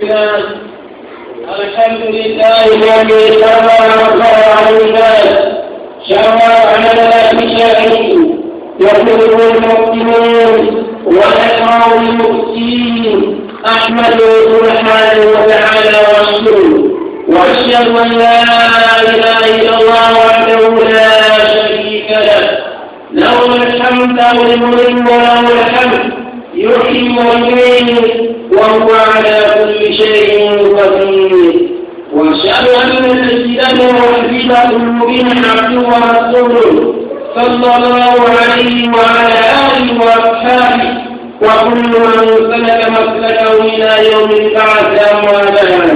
الحمد لله الذي شرع وغفر عن الناس شرع عملنا بشرعه يقول المؤمنون ويكره المؤمنين احمد سبحانه وتعالى ورسوله واشهد ان لا اله الا الله وحده لا شريك له له الحمد له الملك وله الحمد يحيي ويميت وهو على كل شيء قدير واشهد ان سيدنا وحبيب قلوبنا عبده ورسوله صلى الله عليه وعلى اله واصحابه وكل من سلك مسلكه الى يوم البعث اما بعد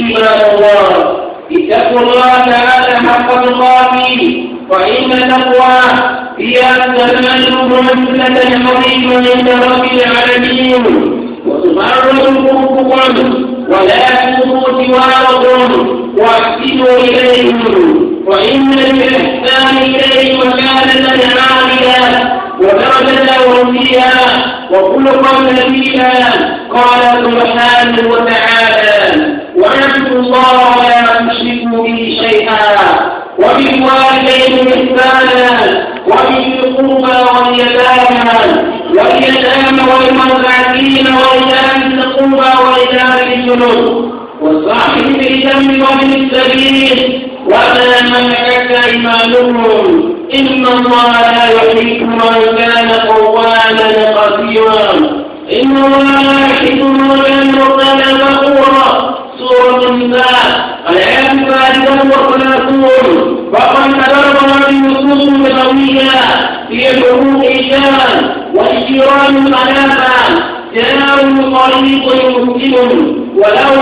عباد الله اتقوا الله تعالى حق تقاته وإن تقوى هي التملك منزلة عظيمة عند رب العالمين وتبرزوهم ولا تبقوا سواهم واحسنوا إليهم وإن بالإحسان إليه مكانة عالية ودرجة فيها وخلقا نبيا قال سبحانه وتعالى واعبدوا الله لا تشركوا به شيئا وبالوالدين إحسانا وبالقربى واليتامى واليتامى والمساكين وإيتام القربى وإيتام الجنود وصاحب بالجنب ومن السبيل وما ملكت أيمانهم إن الله لا يحب من كان قوانا قديرا إن الله لا يحب من كان قوانا فقورا سورة النساء الآية الثالثة والثلاثون فقد تدرب من نصوص لغوية في حقوق الشمل واجرام الخلافة تناول طريق يمكنهم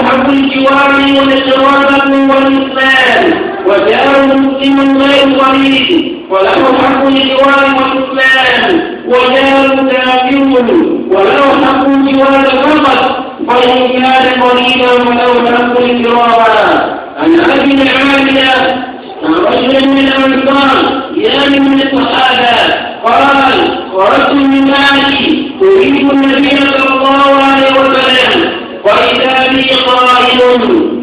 حب الجوار والاقتراب والإسلام وجاءوا مسلم غير طريق ولوحة الجوار والإسلام وجاءوا كافر ولوحة الجوار فقط فإن كان قريبا ولوحة الجوار عن أبي العالية الرجل من الأنصار من هذا قال خرجت من مالي أريد النبي صلى الله عليه وسلم وإذا بي قائد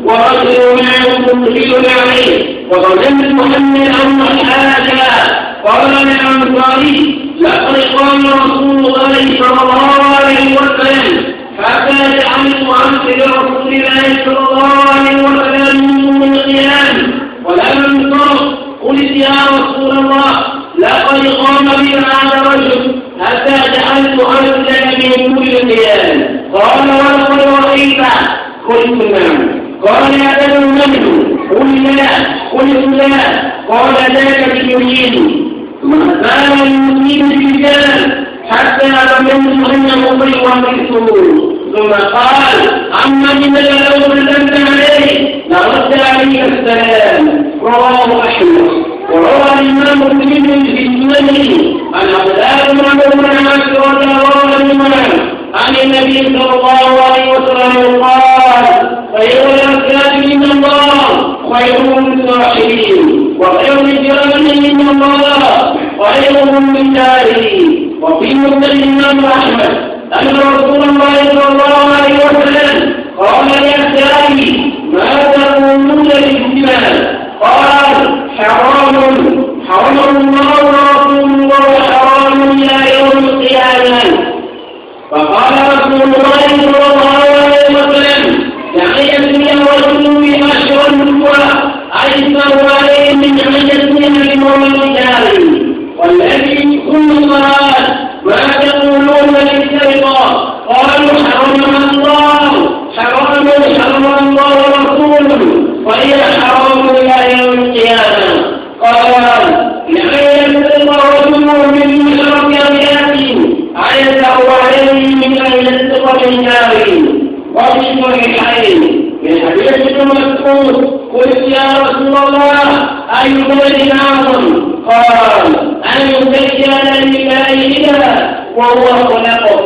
ورجل معه مقبل عليه وظننت محمد أن هذا قال الأنصاري لقد قال رسول الله صلى الله عليه وسلم حتى جعلت أمثل لرسول الله صلى الله عليه وسلم من القيام ولا من طرف قلت يا رسول الله لقد قام بي هذا الرجل حتى جعلت أرجع من كل ميال قال ولقد رأيت قلت نعم قال يا بني منه قل لا قلت لا قال ذاك بيميني ما لم يصيب الرجال حتى ظننت انه قد وافقته ثم قال اما من لو لم عليه لرد عليه السلام رواه أحمد وروى الإمام مسلم في سننه عن عبد الله بن عمرو بن عاص عن النبي صلى الله عليه وسلم قال خير الأسلام من الله خير من للصاحبين وخير الجيران من الله خير من داره وفي مسلم الإمام أحمد أن رسول الله صلى الله عليه وسلم قال لأسلامي ما تقولون للإجمال قال حرام حرم الله ورسوله وحرام إلى يوم القيامة فقال رسول الله من حديث قلت يا رسول الله أي ولد أعظم قال أن يسجل لملائكة وهو خلقه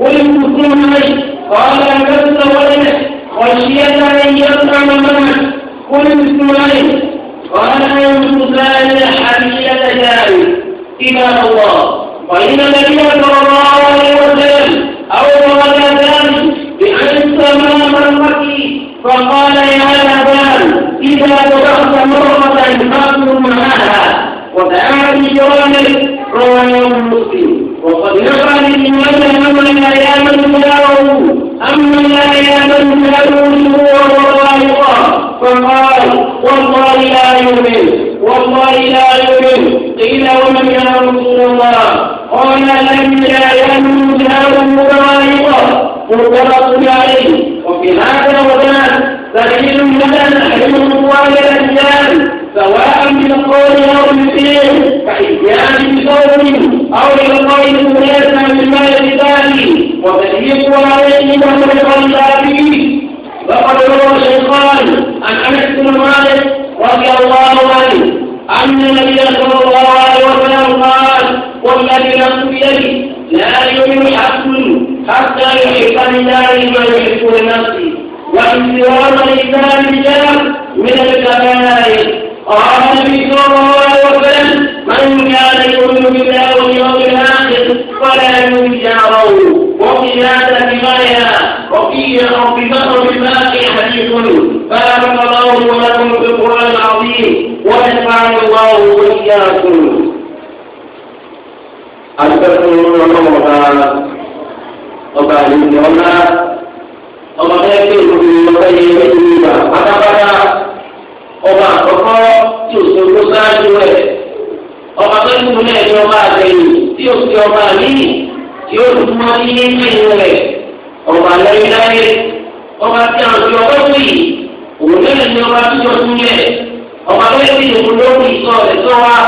قلت ثم قال لبست ولدك خشية أن يطعم منك قلت ثم قال أن تزال حبيبة جاري إلى الله وإن الذين ترى وقد عاد بجوانب رواه لا يأمن داره أمن لا فقال والله لا يؤمن والله لا يؤمن قيل ومن يا رسول الله قال لم لا يؤمن داره وطائفة متفق عليه وفي هذا وذاك دليل لنا نحرمه على الأجيال سواء من قول أو الفعل كإتيان بقول أو القول مناسبا لما يقتضي وتشريف عليه وتلقى الشافعي فقد روى شيخان عن أنس بن مالك رضي الله عنه أن النبي صلى الله عليه وسلم قال والذي نفس بيده لا يؤمن حق حتى يحب لله ما يحب لنفسه وانفراد الإنسان بجاه من الكبائر قال النبي صلى الله عليه وسلم من كان يؤمن بالله واليوم الاخر فلا يؤمن ناره وقيادة بغيرها وقيل رب بكر بالباقي حديث بارك الله ولكم في القران العظيم ونفعني الله واياكم أستغفر الله تعالى ọba àlejò ọlá ọba bẹ́ẹ̀ kí èso fi ọba yẹ ẹgbẹ́ yìí gbà pátápátá ọba àkọ́kọ́ tí o sọ ló sáájú rẹ̀ ọba tó kú náà ní ọba àgbẹ̀yìn tí o fi ọba míì tí o tún mọ́ ní ẹ̀yìn rẹ̀ ọba lẹ́yìnláyé ọba tí a fi ọwọ́ sí òun náà ní ọba tí o tún yẹ ọba tó yẹ kí òun ló fi sọ rẹ̀ sọ wa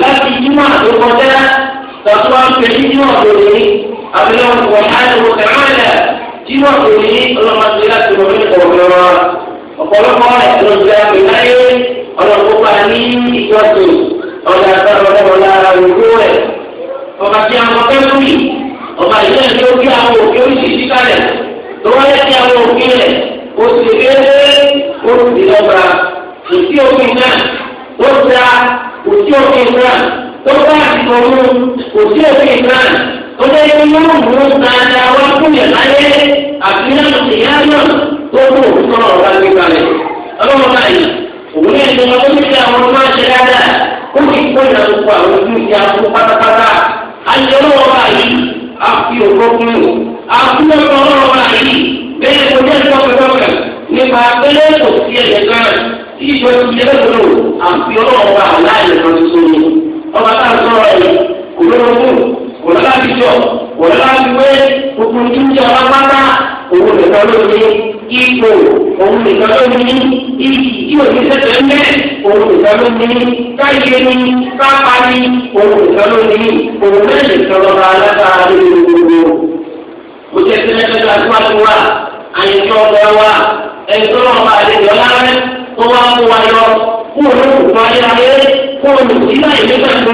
láti júmọ̀ tó kọjá tàbí wàá pè ní júmọ̀ tó lè abiléwọ̀n kọ̀ọ̀tà ló kẹ̀rọ̀ rẹ̀ ọlọ́mọdé láti wọlé kọ̀ọ̀kọ̀rọ̀ ọ̀pọ̀lọpọ̀ rẹ̀ ló jẹ́ àgbẹ̀láyé ọ̀dọ̀kópa ní ìjọsìn ọ̀dà àtàrọ̀lọ́wọ́lá òwúrò rẹ̀ ọba tí a mọ kẹ́kùrì ọba ìlú ẹ̀ tó bí àwọn òkè oríṣiríṣi kalẹ̀ tó wáyé tí àwọn òkè rẹ̀ ó sì déédé ó sì lọ́gbà òsì òfin náà ó da òsì òfin náà ó bá àtìmọ̀ mú òsì òfin náà ó lé yóò mú dáadáa wá fún yàrá àfihàn ìyá náà tó kú òfin náà ọba nípa rẹ̀ ọlọ́wọ́ báyìí òun ní ẹni wọn tó ní kí àwọn máa ṣe dáadáa ó ní kó ìyá gbogbo àwọn ojú ìyá fún pátápátá ayé ọlọ́wọ́ báyìí á fi òkú kún un àkúrò ọlọ́wọ́ báyìí bẹ́ẹ̀ kò jẹ́ tọ́kẹ̀tọ́kẹ̀ nípa abẹ́lẹ́ kò sí ẹ̀jẹ̀ kan tí ìjọ ti lé lọ́dọ̀ àfi ọlọ́wọ́ bá aláìlè kan tuntun ni ọba tá a sọ̀rọ̀ ẹ̀ kò lọ́wọ́ kò lọ́wọ́ àbíjọ kò lọ́wọ́ àbíwẹ́ gbogbo ojú ìyá wa pátá òun nìkan ló ní ipò òun nìkan ló ní iyì tí òní sẹsẹ ń bẹ òun nìkan ló ní káyé ní kápá ní òun nìkan ló ní òun mẹ́rin sọlọ́ba alágbára ní gbogbo. kò jẹ́ sẹ́lẹ̀fẹ́ la tó wá tó wá àyẹ̀tọ́ ọ̀gá wa ẹ̀tọ́ ọ̀gá àlejò lárẹ́ tó wá kó wa yọ kó o ní kó ayé ayé kó o ní sílá ìgbésẹ̀ tó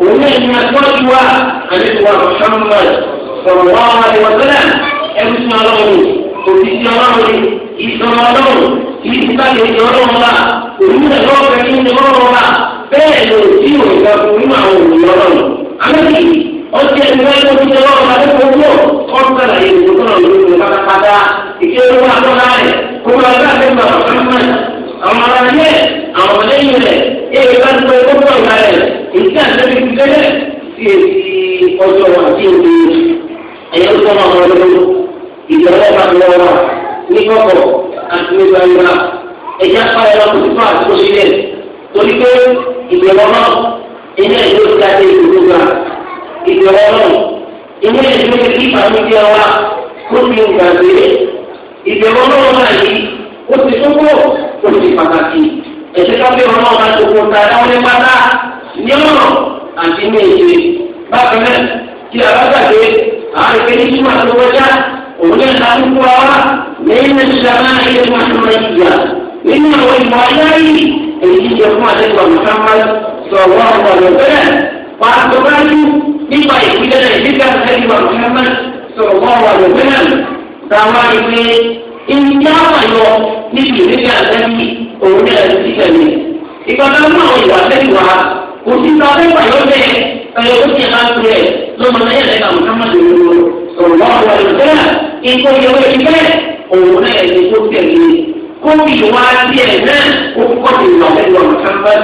òun ní ẹ̀yìn àtúwájú wa àlejò wa Muhammad sọ̀rọ̀ wá wa ni wọ́n sẹ́lẹ̀ ẹ̀ òtítí ọlọ́run ni ìsọmọ ọlọ́run kì í sáré ní ọlọ́run bá òmìnira lọ́wọ́ fẹ́ kí ní ọlọ́run bá bẹ́ẹ̀ ló tí ò ìgbà fún nínú àwọn òmìnira ọlọ́run. amẹ́kì ọjọ́ ẹni wọ́n ló ti ní ọlọ́run bá lẹ́kọ̀ọ́ pọ̀ ọ̀sán àyè ìdókòrò lórí pátápátá ìkéwé wa lọ́la rẹ̀ kó máa bá àbẹ́ bàbá fáwọn àwọn ará yẹ àwọn ọmọdéyìn rẹ̀ èyí bá ti pẹ́ gbọ́dọ̀ ọ̀gá rẹ̀ èyí tí àtẹ́bí ti tẹ́lẹ̀ sí èsì ọjọ́ àti òde ẹ̀yẹ́ ń sọ́nà ọmọ ọlọ́dún ìyọ̀wọ́ máa ń lọ́wọ́ ní kọ́kọ́ àti ní gbangba ẹ̀já pààyà lọ sí fún àti oṣìlẹ̀ torí pé ìgbẹ̀wọ́ náà ẹ̀yẹ ìlú ti dáadé ìdúró gbà ìgbẹ̀wọ́ náà ẹ̀yẹ ìlú ti kí ìfàmìlíà wa kó fi ìgbà gbé ìgbẹ̀wọ́ náà máa yí ó ti tó ó ti pàtàkì ẹ̀jẹ̀ káfíń ọ̀nà náà kí الأقوى من الشمائل المحمدية من هو المعلي الذي يقوم عليه محمد صلى الله عليه وسلم وأعتقد nípa ìpínlẹ̀ ìgbésẹ̀ àtẹ́lẹ̀ Muhammad sallallahu alaihi wasallam táwa ìpè ìyá àwàyọ níbi ìgbésẹ̀ àtẹ́lẹ̀ òun náà ti tẹ̀lé. ìgbàgbọ́ mú àwọn ìwà àtẹ́lẹ̀ wa kò sí sọ abẹ́ ìwàyọ̀ bẹ́ẹ̀ ẹ̀yọ́ tó ti hàn rẹ̀ lọ́mọdé yẹn lẹ́ka Muhammad sallallahu alaihi wasallam nǹkan yẹn wọ́n ti bẹ́ẹ̀ òun náà ẹni tó tẹ̀lé kó fi wá díẹ̀ náà kó kọ́ ti wà lẹ́nu ọ̀nà kápẹ́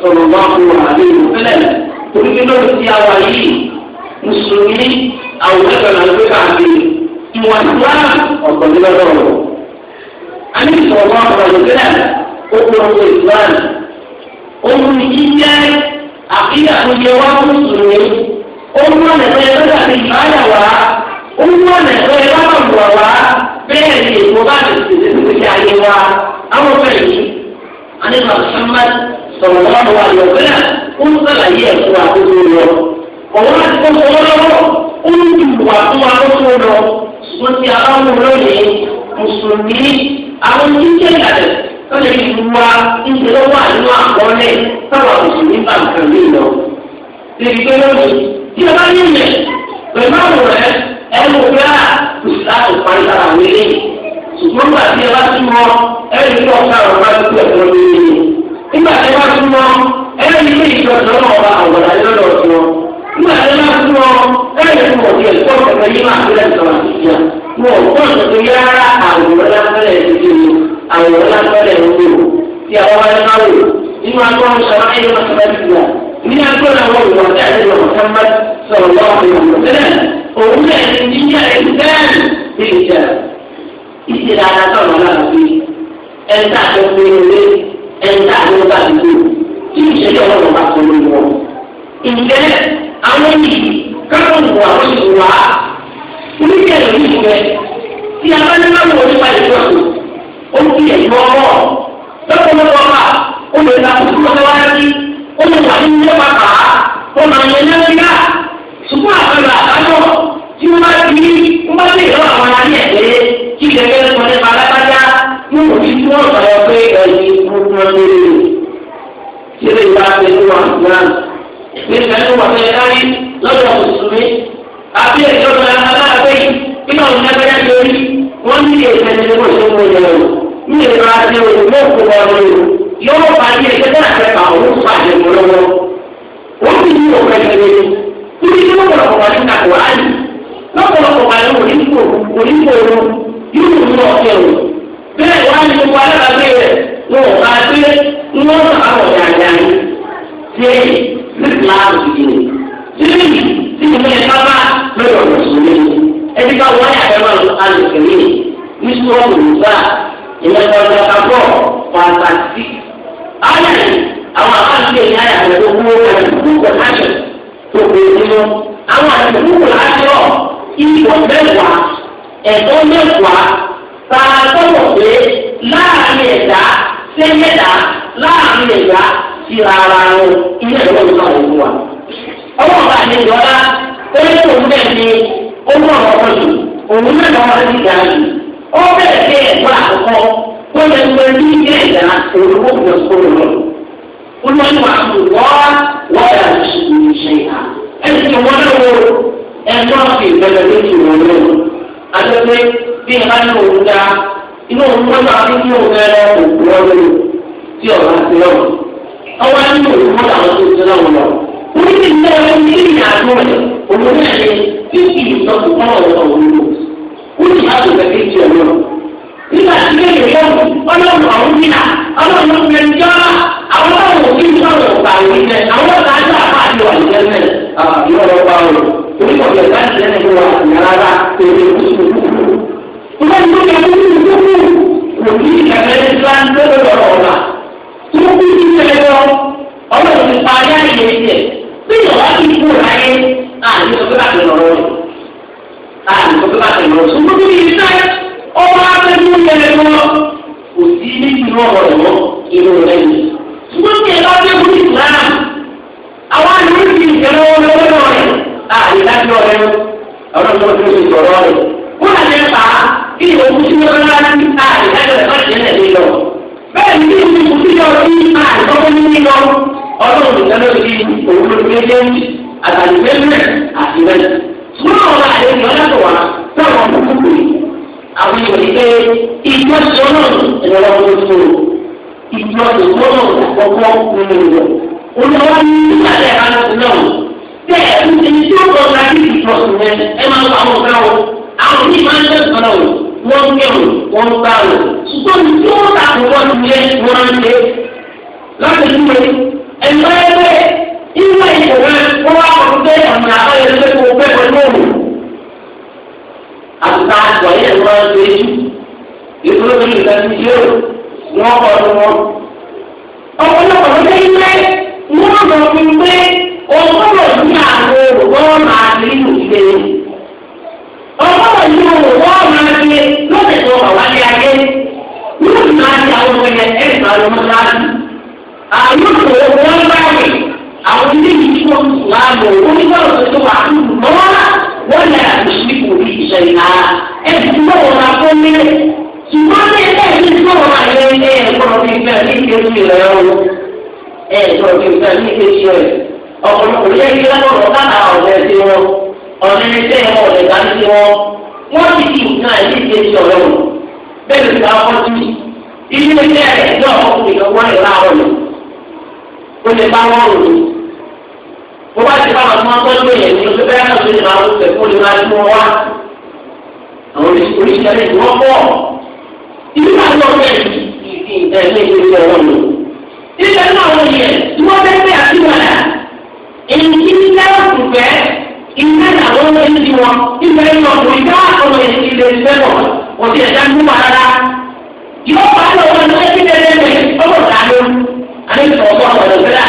sọ̀rọ̀ wá fún wa ní ìlú fẹ́lẹ̀ torí pé lórí ti àwa yìí mùsùlùmí àwùjọ náà ló bá fi ìwà ìwà ọ̀gbọ̀n ní lọ́dọ̀ rẹ̀. a ní sọ̀rọ̀ wá fún ọ̀nà fẹ́lẹ̀ ó kọ́ ọ̀gbọ̀n ìwà òun yíyẹ àkíyà tó yẹ wá mùsùlùmí ó mú ọ̀nà owó ọ̀nà ẹ̀kọ́ ẹ lọ́nà wọ̀ wá bẹ́ẹ̀ ni èkó bá ti tètè tó ti ayé wa àwọn ọmọ yìí anínú àṣàmà sọ̀rọ̀ wọn wà lọ́gbẹ́lá ó ń sàlàyé ẹ̀kọ́ àkókò lọ ọ̀wọ́n àti kókó lọ́wọ́ ó ń ju ìwà fún wa kókó lọ mo ti aláwọ̀ lónìí mùsùlùmí àwọn jíjẹ́ ìlànà tó lè fi wá níṣẹ́ lọ́wọ́ àdúrà àkọọ́lẹ̀ táwọn mùsùlùmí bá nǹkan lé lọ. Lè fi pé lónìí tí o bá ní ìyẹn pẹ̀lú àwòrán ẹnu gbá láti parí sára àwọn eléyìí ṣùgbọ́n nígbà tí ẹ bá súnmọ́ ẹnu tí ọ̀gá ọ̀rọ̀ bá ti kú ẹ̀fọ́ lórí nígbà tí ẹ bá súnmọ́ ẹnu ilé ìjọsìn náà wà àwọ̀dà lọ́dọ̀ tí wọn nígbà tí ẹ bá súnmọ́ ẹnu tí wọ́n ti ẹ̀kọ́ kẹfẹ́ yín máa fẹ́rẹ̀ sọ̀rọ̀ àtijọ́ wọn ò gbọ́n òun náà ní níyà ẹni bẹ́ẹ̀ ní ìjà ìṣe dáadáa sọ̀rọ̀ náà lọ sí ẹni tá a tó fi ewé ẹni tá a tó bá ti tó tí ìṣẹ̀lẹ̀ ọlọ́run bá tó lórí wọn. ǹjẹ́ àwọn yìí káwọn wà wọ́n yìí wá oníṣẹ́ ìlú yìí rẹ̀ tí a bá ní bá wọ̀ nípa ìjọsìn ó fi ẹ̀yìn ọmọ lọ́kọ̀ọ́lọ́kọ̀ ọba ó lè ta kókó lọ́wọ́ wáyé ó lè wà ní ilé pàpà ó máa yẹ ṣùgbọ́n àwọn ìlú àbájọ tí wọ́n bá ti ní wọ́n bá lè lọ́wọ́ àwọn ayé ẹ̀dẹ́ kí ìdẹ́gbẹ́ ló kọ́ nípa alábájá mú òbí tí wọ́n sọ̀rọ̀ pé ẹ̀yìn gbogbo lórí ṣé lè bá ṣe ní wọn náà ní ìfẹ́ tó wọ́n fẹ́ kárí lọ́dọ̀ mùsùlùmí àbí ẹ̀jọ́ lọ alábẹ́ yìí kí náà wọ́n lágbájá lórí wọ́n ní ìfẹ́ ní wọ́n ṣe mú ìyẹn o ní ìfẹ́ àti òun yóò kó níbi tí lọ́pọ̀lọpọ̀ wà nípa kò ráàyè lọ́pọ̀lọpọ̀ wà ní onígbò onígbòòrò yóò mú ọ̀kẹ́ o bẹ́ẹ̀ wá ní gbogbo alábàágbé rẹ̀ wọn ò bá gbé wọn bá wọ̀ dáadáa ní ṣe nípìnlẹ̀ ìdílé sílẹ̀ tí mo yẹ ká bá lọ́dọ̀ ọ̀sùn mi ẹni bá wọ́n yà fẹ́ máa lọ alùpùpù mi ní sọ́ọ̀mù sí ara ilé ẹ̀rọ ìgbà wọn fún ọwọ́ ọba àti ìjọba ó ní òun bẹ́ẹ̀ ni ó mú ọ̀rọ̀ ọkọ òun náà lọ́wọ́ ọ̀rọ̀ ti dà ó bẹ̀rẹ̀ sí ẹ̀kọ́ àkọ́kọ́ tó lè gbé ní ilé ìdá olówó ìgbà sóòrò lọ. ó lọ ní wàá fún wọ́ wọ́ọ̀dà ìṣègùn ìṣe ìhà ẹni tí wọ́n lè wo ẹ̀kọ́ ìbẹ̀rẹ̀ lójú wọn ní òun dá inú òun mọ́tò àti kí òun fẹ́ lọ òkú ọ tí ọ̀rọ̀ àti ọ̀rọ̀ ọwọ́ nínú òkú làwọn tó ti náà wọ̀ wọ́n ti ní ọ̀rẹ́ ní ìrìn àjò rẹ̀ òun náà ní tí kì sọ fún ọ̀rọ̀ ọ̀rọ̀ òun lò wọ́n ti bá lòdà sí ìjọ náà nígbà tí lè lè yọ̀wù ọlọ́run àwọn nílà ọlọ́run fẹ́ jọ́lá àwọn ọ̀rọ̀ àwọn ọ̀gá àjọ àbá ọ̀rọ̀ ọ̀gbà ọ̀rọ̀ torí ọ̀gbẹ̀ bá ti lẹ́nu wà rárá lè lọ ọlọ́run ti pa ayé àyè tiẹ̀ bí ìyọ̀wá ti kú láyé àní ọ̀gbẹ́ bá ti lọ́rọ́ rẹ̀ àní ọ̀gbẹ́ bá ti lọ́rọ́ ṣùgbọ́n bí ibi táyé ọwọ́ abẹ́mú yẹn lọ kò sí níbi lọ́rọ̀ rẹ̀ mọ́ inú rẹ̀ ni ṣùgbọ́n bí ẹ bá dé ìsìlámù àwọn àlùmí ti ìjẹ́wọ́ lọ́wọ́ rẹ̀ àní láti ọ̀rẹ́ ọlọ́run ti sọ̀rọ̀ rẹ̀ wọ́n àti ẹ̀ bẹ́ẹ̀ ni ní kò sí yọ sí àìsọ́kọ́ nílé lọ ọlọ́run nìkan ló fi òun ló fi lé ní àtàlù mẹ́lẹ̀ àti mẹ́lẹ̀. wọ́n náà wọ́n àlẹ́ ìlú ọlọ́dọ̀ wa táwọn ọmọ kúkú yìí àwọn èèyàn ní pé ìjọ sí ọlọ́run ẹ̀rọ ọlọ́run tó ìjọ sí ọlọ́run àkọ́kọ́ nínú ìwọ. olùwà ní ìgbàlẹ̀ aláṣẹ náà bẹ́ẹ̀ ẹni tí ó kọ́ ọ́ wọ́n ń kẹ̀wò wọ́n ń gbàwò ṣùgbọ́n ní tí wọ́n ta àkókò ní ilé wọn ń ṣe láti ní pé ẹ̀yọ́ ẹgbẹ́ ìwé ìṣòro wọn wá kọ́ pé àmì àbáyọ ẹgbẹ́ kò pẹ́ pẹ̀lú òun. àtúntà àgbọ̀ yẹn wọ́n ń ṣe jù ìṣòro tó lè ta ti yé o wọ́n kọ́ ọdún wọn. ọ̀pọ̀lọpọ̀ ló dé ilé wọ́n lọ fi pé òun kọ́ ọgọ́rọ̀ yìí mo wọ́ ọ̀nà ẹni lóde tó wà wálé ayé yóò máa di àwọn ọmọ yẹn ẹ̀rì máa lọ máa àwọn yóò wọ wọ́n báyìí àwọn ilé yìí tí wọ́n tún wá lọ onígbàwọ̀ tó tó wà á dùn lọ́wọ́ wọ́n yà á lọ sí ipò orí ìṣẹ̀ ìlà ẹ̀sìn tí wọ́n wọ́n máa fọ́ mi ṣùgbọ́n ní ẹ̀sìn tí wọ́n máa yẹ ẹ̀ ẹ̀kọ́rọ̀ ọ̀pọ̀lọpọ̀ ọ̀rọ̀ ní ṣé ìwọ̀n ọ̀lẹ̀ ń ṣe wọ́n ti di nǹkan àìsí ṣe ṣe ọ̀rọ̀ o bẹ́ẹ̀ ló bá wọ́n ti ilé iṣẹ́ rẹ̀ ní ọ̀pọ̀ ìlọ́wọ́ rẹ̀ láàárọ̀ lọ ó lè bá wọ́n rò ó bó bá ti bá wọn tó wọn tọ́jú èèyàn ní oṣù bẹ́ẹ̀ náà tó lè máa wọ́n lè máa tún wọn wá àwọn oríṣiríṣi ẹni wọ́n pọ̀ ibi máa ń bẹ́ẹ̀ iná làwọn ọmọ yìí ti wọn ibẹ̀ yìí wọn kò ní ká ọmọ yìí ti lè fẹ́ bọ̀ wọ́n ti ẹ̀dá ń wà rárá. yóò wá lọ wọn lọ sí ilé ẹgbẹ́ ọmọ ìdáná àti ọgbọ ọ̀rọ̀ ìgbéra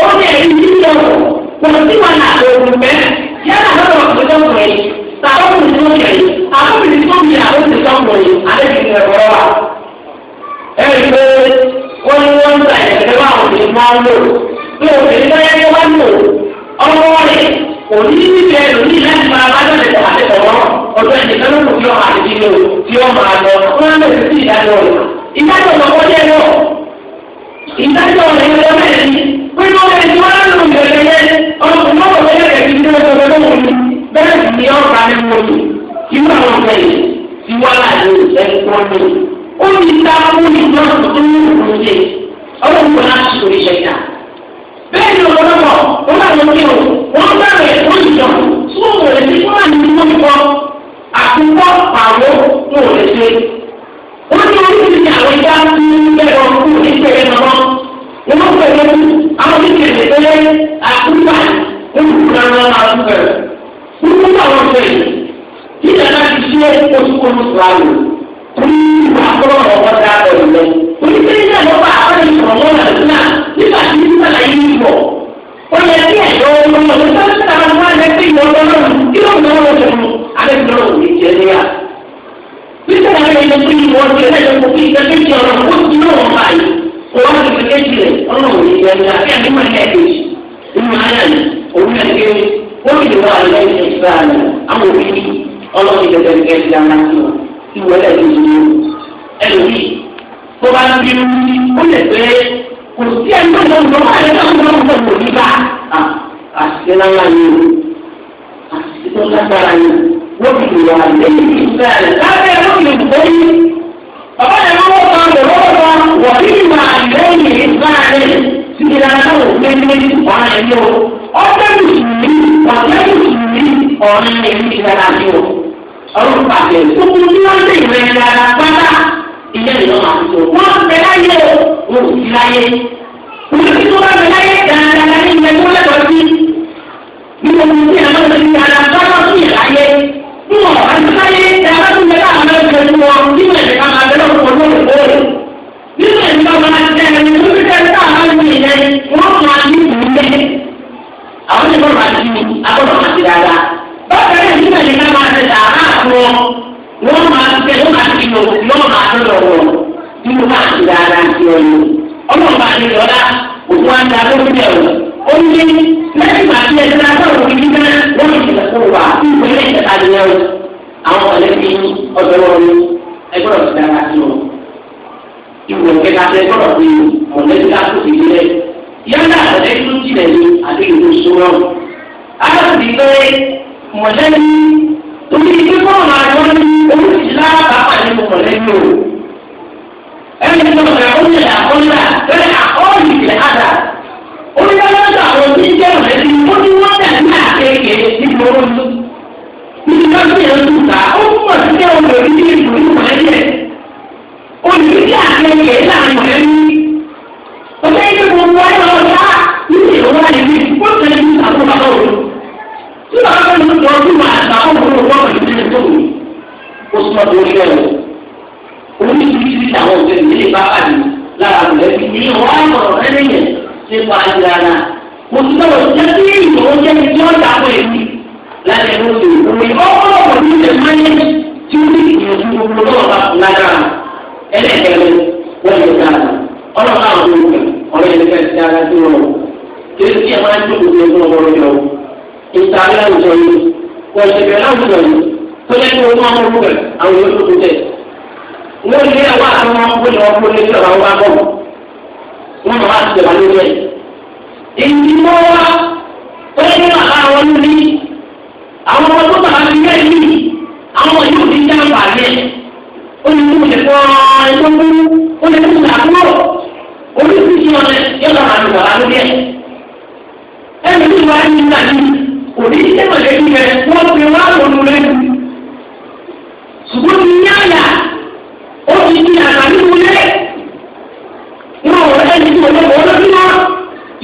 ó ní ẹ̀rí yìí lọ kò sí wọn là òògùn fẹ́ yálà lọ́wọ́ ìgbésọ̀ pọ̀ yìí tàbọ̀kùn tó ń yẹ yìí àbọ̀kùn tó ń yẹ àwọn ìgbésọ̀ pọ̀ yìí àdébìnrin ẹ̀rọ wa. ẹ ẹ pé wọ́n ní òní níbi ẹnu ní láti máa bá lọ́dẹ̀ tó àti ọ̀rọ̀ ọ̀dọ́ ẹ̀jẹ̀ kan ló lọ́ àti bí lò tí ó máa lọ wọ́n á lè fi ìdájọ́ rẹ̀. ìdájọ́ ọ̀nà wọ́n jẹ́ náà ìdájọ́ ọ̀nà yẹn lọ́wọ́ ẹ̀ ní pé wọ́n lè ti wọ́n lọ́dún ìgbẹ̀rẹ̀ yẹn ọkùnrin náà wọ́n yẹn rẹ̀ fi dúró lọ́wọ́ lọ́wọ́ mi bẹ́ẹ̀ sì ni ọ̀rọ̀ alẹ́ mọ́ mi kí wọ́n àwọn ọ̀gá yìí ti wá láàyè ẹni tó ń lò ó ní ta fún ìgbọ́n tuntun ní ìròyìn ọlọ́run kò náà sọ̀rọ̀ ìṣẹ̀dá bẹ́ẹ̀ ni ọ̀pọ̀lọpọ̀ wọ́n bá wọn kí o wọ́n bá rẹ̀ ní mímú kọ àtúwọ́ pàwọ́ tó lè ṣe. wọ́n ní oríṣiríṣi àwọn ìjà tí bẹ́ẹ̀ lọ kú ní pẹ̀lẹ́ náà wọ́n wọ́n pẹ̀lẹ́ kú àwọn ti tẹ̀lé pẹ̀lẹ́ àtúwà olùkúra náà máa ń bẹ̀rẹ̀. kúrú àwọn bẹ̀rẹ̀ kí ìjàmbá ti ṣe oṣùkọ́nù sàlù kúrú àkọ́rọ̀ ọ̀wọ́ dáadọ̀ ìlẹ̀. oníṣẹ́ ó yẹ kí ẹ̀yọ́ ọmọ ọ̀dọ́ tó ń ta àwọn àlẹ́sẹ̀ ìyọ́ ọlọ́run kí ló ń lọ wọ́n jẹun àlẹ́sẹ̀ ọ̀rọ̀ òní jẹ níyà. Bísí àwọn ẹ̀yọ́ pé ìwọ ti ẹlẹ́yọ̀ kò fi ìgbẹ́ méjì ọ̀rọ̀ ó ti náà wọ̀ báyìí. Kò wá ti fi méjì rẹ̀ ọ̀rọ̀ òní jẹ níyà kí ẹni máa yẹ ẹ̀dẹ̀ nínú ayé àná òun náà ké wọ́n ti wá àlẹ́sẹ̀ ìgbà àná àwọn òbí ni ọlọ́run ìjọba ẹ̀ka ẹ̀ka ńlá sí wọn ìwọ ẹ̀dẹ̀ ìlú ẹlòmíì tó bá ń bínú ó lè pé kò sí ẹni tó ń lọ báyìí tó ń lọ ń lọ nígbà. àṣìṣe ńlá ni àṣìṣe tó lágbára ni wọ́n ti lọ àlẹ́yìn ìfẹ́ rẹ̀ lábẹ́ ẹ̀rọ mi gbé ní. bàbá yẹn máa wọ́n kan wọ́n kan wọ̀ nínú àlẹ́yìn ìfẹ́ rẹ̀ sí ìlànà tó ń gbé ní ìwọ̀n ẹ̀mí o. ọ̀pẹ́ mùsùlùmí ọ̀pẹ́ mùsùlùmí ọ̀rẹ́ ẹ̀mí ìlànà mi o. ọlọ́pàá ilé ìlú máa tó. wọ́n bẹ láyé o wọ́n kò sí láyé. olùkí bá bẹ láyé dáadáa ní ìgbẹ́ tó lẹ́kọ̀ọ́ sí. bí mo mú sí àwọn ọmọdé dáadáa ẹnu tó omi ọ̀pọ̀lọpọ̀ ní ilẹ̀ mẹ́rin tí ó ní ìyẹ̀dú gbogbo náà bá fún lágbára ẹlẹ́kẹ̀rẹ́ wọ́n yóò dára ọlọ́run àwọn olùkọ́ ọ̀rẹ́ ẹni fẹ́ẹ́ ti ara tó rọrùn kí ló ti ẹ̀ máa ń tó gbogbo ẹgbẹ́ ọmọ rẹ lọ ìtàlẹ́ àwùjọ yìí wọ́n ti bẹ̀rẹ̀ àwùjọ yìí tó lẹ́nu ọmọ ọmọ olùkọ́ àwọn yóò tó tẹ̀ wọ́n lé àwọn àwọn ọmọkùnrin ọkùnrin tí ọ̀rọ̀ wa bọ̀ wọ́n máa ń tẹ̀wá lórí ẹ̀ èyí ni wọ́n wá ó lé àwọn ọmọ ní àwọn ọmọ tó bàbá ti rẹ̀ mí àwọn yóò ti já bà yẹ ó ní kó lè kọ́ ẹgbẹ́ mú ó lè kó lè àbúrò oríṣiríṣi ọ̀nà yóò lọ́ọ́ máa lò wà lórí ẹni tí wàá ní ìgbà yìí òní ṣe mọ̀lẹ́bí rẹ̀ wọ́n fi wá lọ́nu lẹ́nu ṣùgbọ́n ní yáyà ó ti di àgbà nínú ilé yóò wọ ẹni tí olóko olóko náà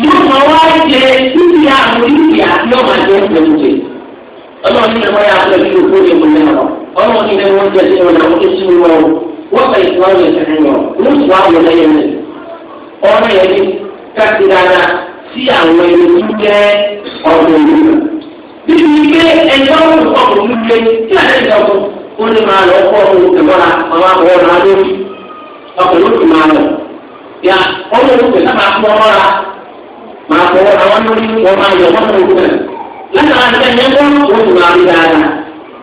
yóò máa wá jẹ níbi àwọn oníṣìí àti ọmọ àti ọmọ ìjẹun ọlọ́run ní ẹ̀wọ́n yà àgbẹ̀ nínú kó yẹ wọlé wọn ọlọ́run ní ẹ̀wọ́n jẹ sí wọn àwọn èsì wọn o wọ́n fẹ̀ ìtura yẹ sẹ́yìn wọn wọ́n sọ àwọn ẹlẹ́yẹ rẹ̀ ọ̀rọ̀ yẹn ni káàkiri ara sí àwọn ẹni tó jẹ́ ọ̀rọ̀ ìlú. bíbí ike ẹ̀yọ́ ọ̀rọ̀ mi lé kí àlẹ́ ìjọba ó ní máa lọ kọ́ ọ̀rọ̀ ìmọ̀ra àwọn àbọ̀wọ̀ náà lórí ọkùnrin ó sì máa lọ. yà ọmọ òkú náà máa fọwọ́ ra máa lọ́nà àtẹ̀yẹ bọ́ oṣù àmì dáadáa.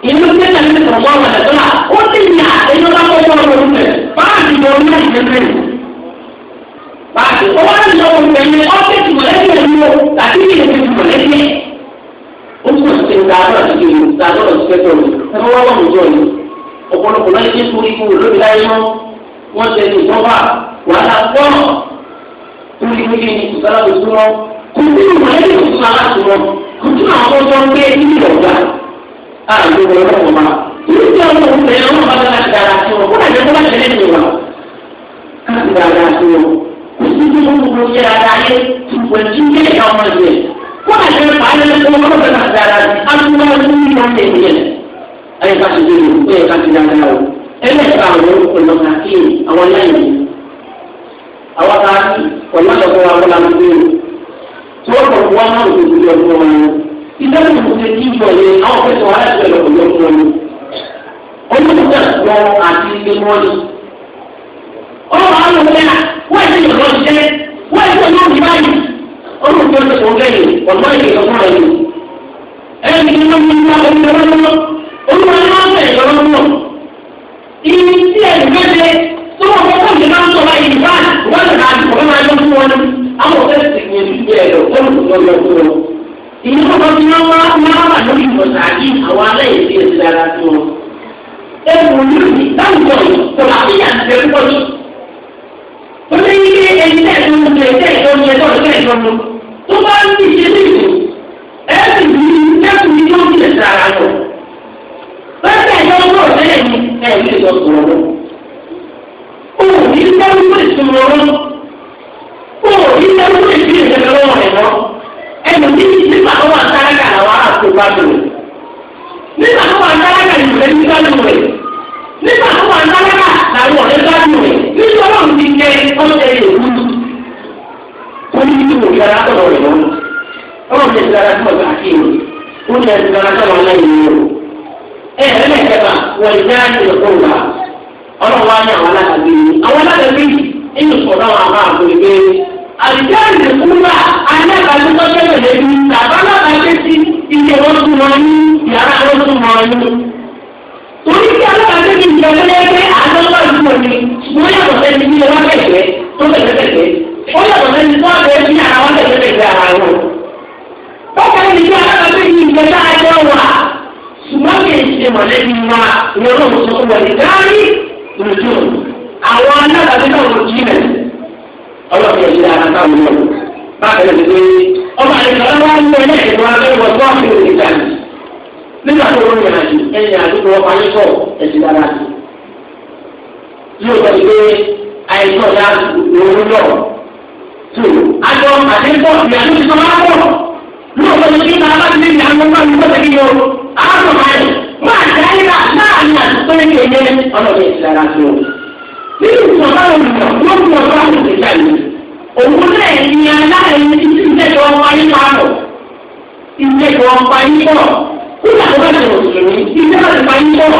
Ìlú Kẹ́tà ní ìfọ̀mọ́ wọn lẹ́tọ́ la, ó ti yà ẹni ọba kọ́kọ́ lórí rẹ̀, báàgì lọ ní àìsẹ́kẹ́ rẹ̀. Báàgì ó wá ní ọkọ̀ ìfẹ̀mí ọ́fíìsì mọ̀lẹ́bí ẹ̀mí o, tàbí ní ìfẹ̀mí mọ̀lẹ́bí. Ó túbọ̀ sí ẹ̀ka àbúrò àti ìlú, tàbí ti kú ikú lórí wọ́n ṣe ní ìjọba wàhálà pọ̀ kúlíkúlí ní ìṣúná kúlíkúlí wọ́n ìṣúná láti ojú àwọn ọmọ ń gbé níbi ìdọ̀gba àgbẹ̀ wọ̀ lọ́wọ́ ma ìlú tí àwọn ọmọ ìfẹ́ ọmọ bá dára dára sí wọn kódà ìjọba bá tẹ̀lé ìwà káàkiri dára sí wọn kò sí bí wọn kò yẹ ara yẹ ṣùgbọ́n tí ń gbé ọmọ yẹ kódà ìjọba bá yẹ kó wọn bá dára sí àdúgbò ẹni ní wọn tẹ̀lé yẹ ayé ká ti dèrò ó yẹ ká ti dára o ẹlẹ́ka àwọn ọ̀nà kàkiri àwọn láyé àwọn kàkiri ọ̀nà tí wọ́n kọ̀ wá náà lòdì lọ fún wọn. Ìjọba ìlú ṣe kí ìjọ yẹn àwọn fẹsẹ̀ wà láti ṣẹlẹ̀ òjò fún wọn. Olùdókòwò ẹ̀kọ́ àti ilé wọn ni. Ọlọ́wọ́ àwọn ọmọdé à wọ́n ẹ̀sìn ìjọba ṣiṣẹ́ wọ́n ẹ̀sìn ìjọba ṣiṣẹ́ báyìí. Olùdókòwò ẹ̀sìn ìjọba ṣiṣẹ́ ọ̀nà ìjọba ṣiṣẹ́ ẹni tí wọ́n mú wá ẹni lọ́wọ́ lọ́wọ́ olúwa ni wọ́n bẹ̀rẹ̀ lọ́wọ́ lọ́wọ́ ìrìn tí ẹ̀dùn bẹ́ẹ̀ tó wọ́n fọ́kọ́ ìdílé máa ń sọ báyìí wọ́n lè máa dùn kọ́ máa yọ fún wọn lọ́wọ́ àwọn ọ̀fẹ́ ti kún ojú bẹ́ẹ̀ lọ wọ́n lù lọ yọ fún wọn. ìyẹn wọn ti máa wá máa wà lórí ìmọ̀ta àti àwọn aláìsí ẹ̀sìn dára fún wọn. ẹ wò ní ìdí táwọn ìkọlà àbíyà ń bẹ púpọ̀ ní. ó lé ilé ẹni tẹ̀sán ń bẹ tẹ̀sán ń bẹ tẹ̀sán ń bẹ tó bá ń bí ṣe ní ìlú ẹ sì ní ẹkùn ní ó ń lọ. bẹ́ẹ̀ ni ọgbọ́n ọ̀sẹ̀ yẹn ni ẹ̀ ń yìí o àwọn máa yìí máa dáríra láàrin àtúntò ní èyẹ ọlọ́dẹ ìsìlára tó. nínú ìsọ̀rọ̀ olùkọ́ wọ́n fi ọ̀rọ̀ àwọn ìgbésà yìí òun náà ní aláìní títí ìjẹ́jọ́ ọmọ ayé máa lọ ìjẹ́jọ́ ọmọ ayé pọ̀ kúlà tó bá ti rò sùnmí ìjẹ́jọ́ ọmọ ayé pọ̀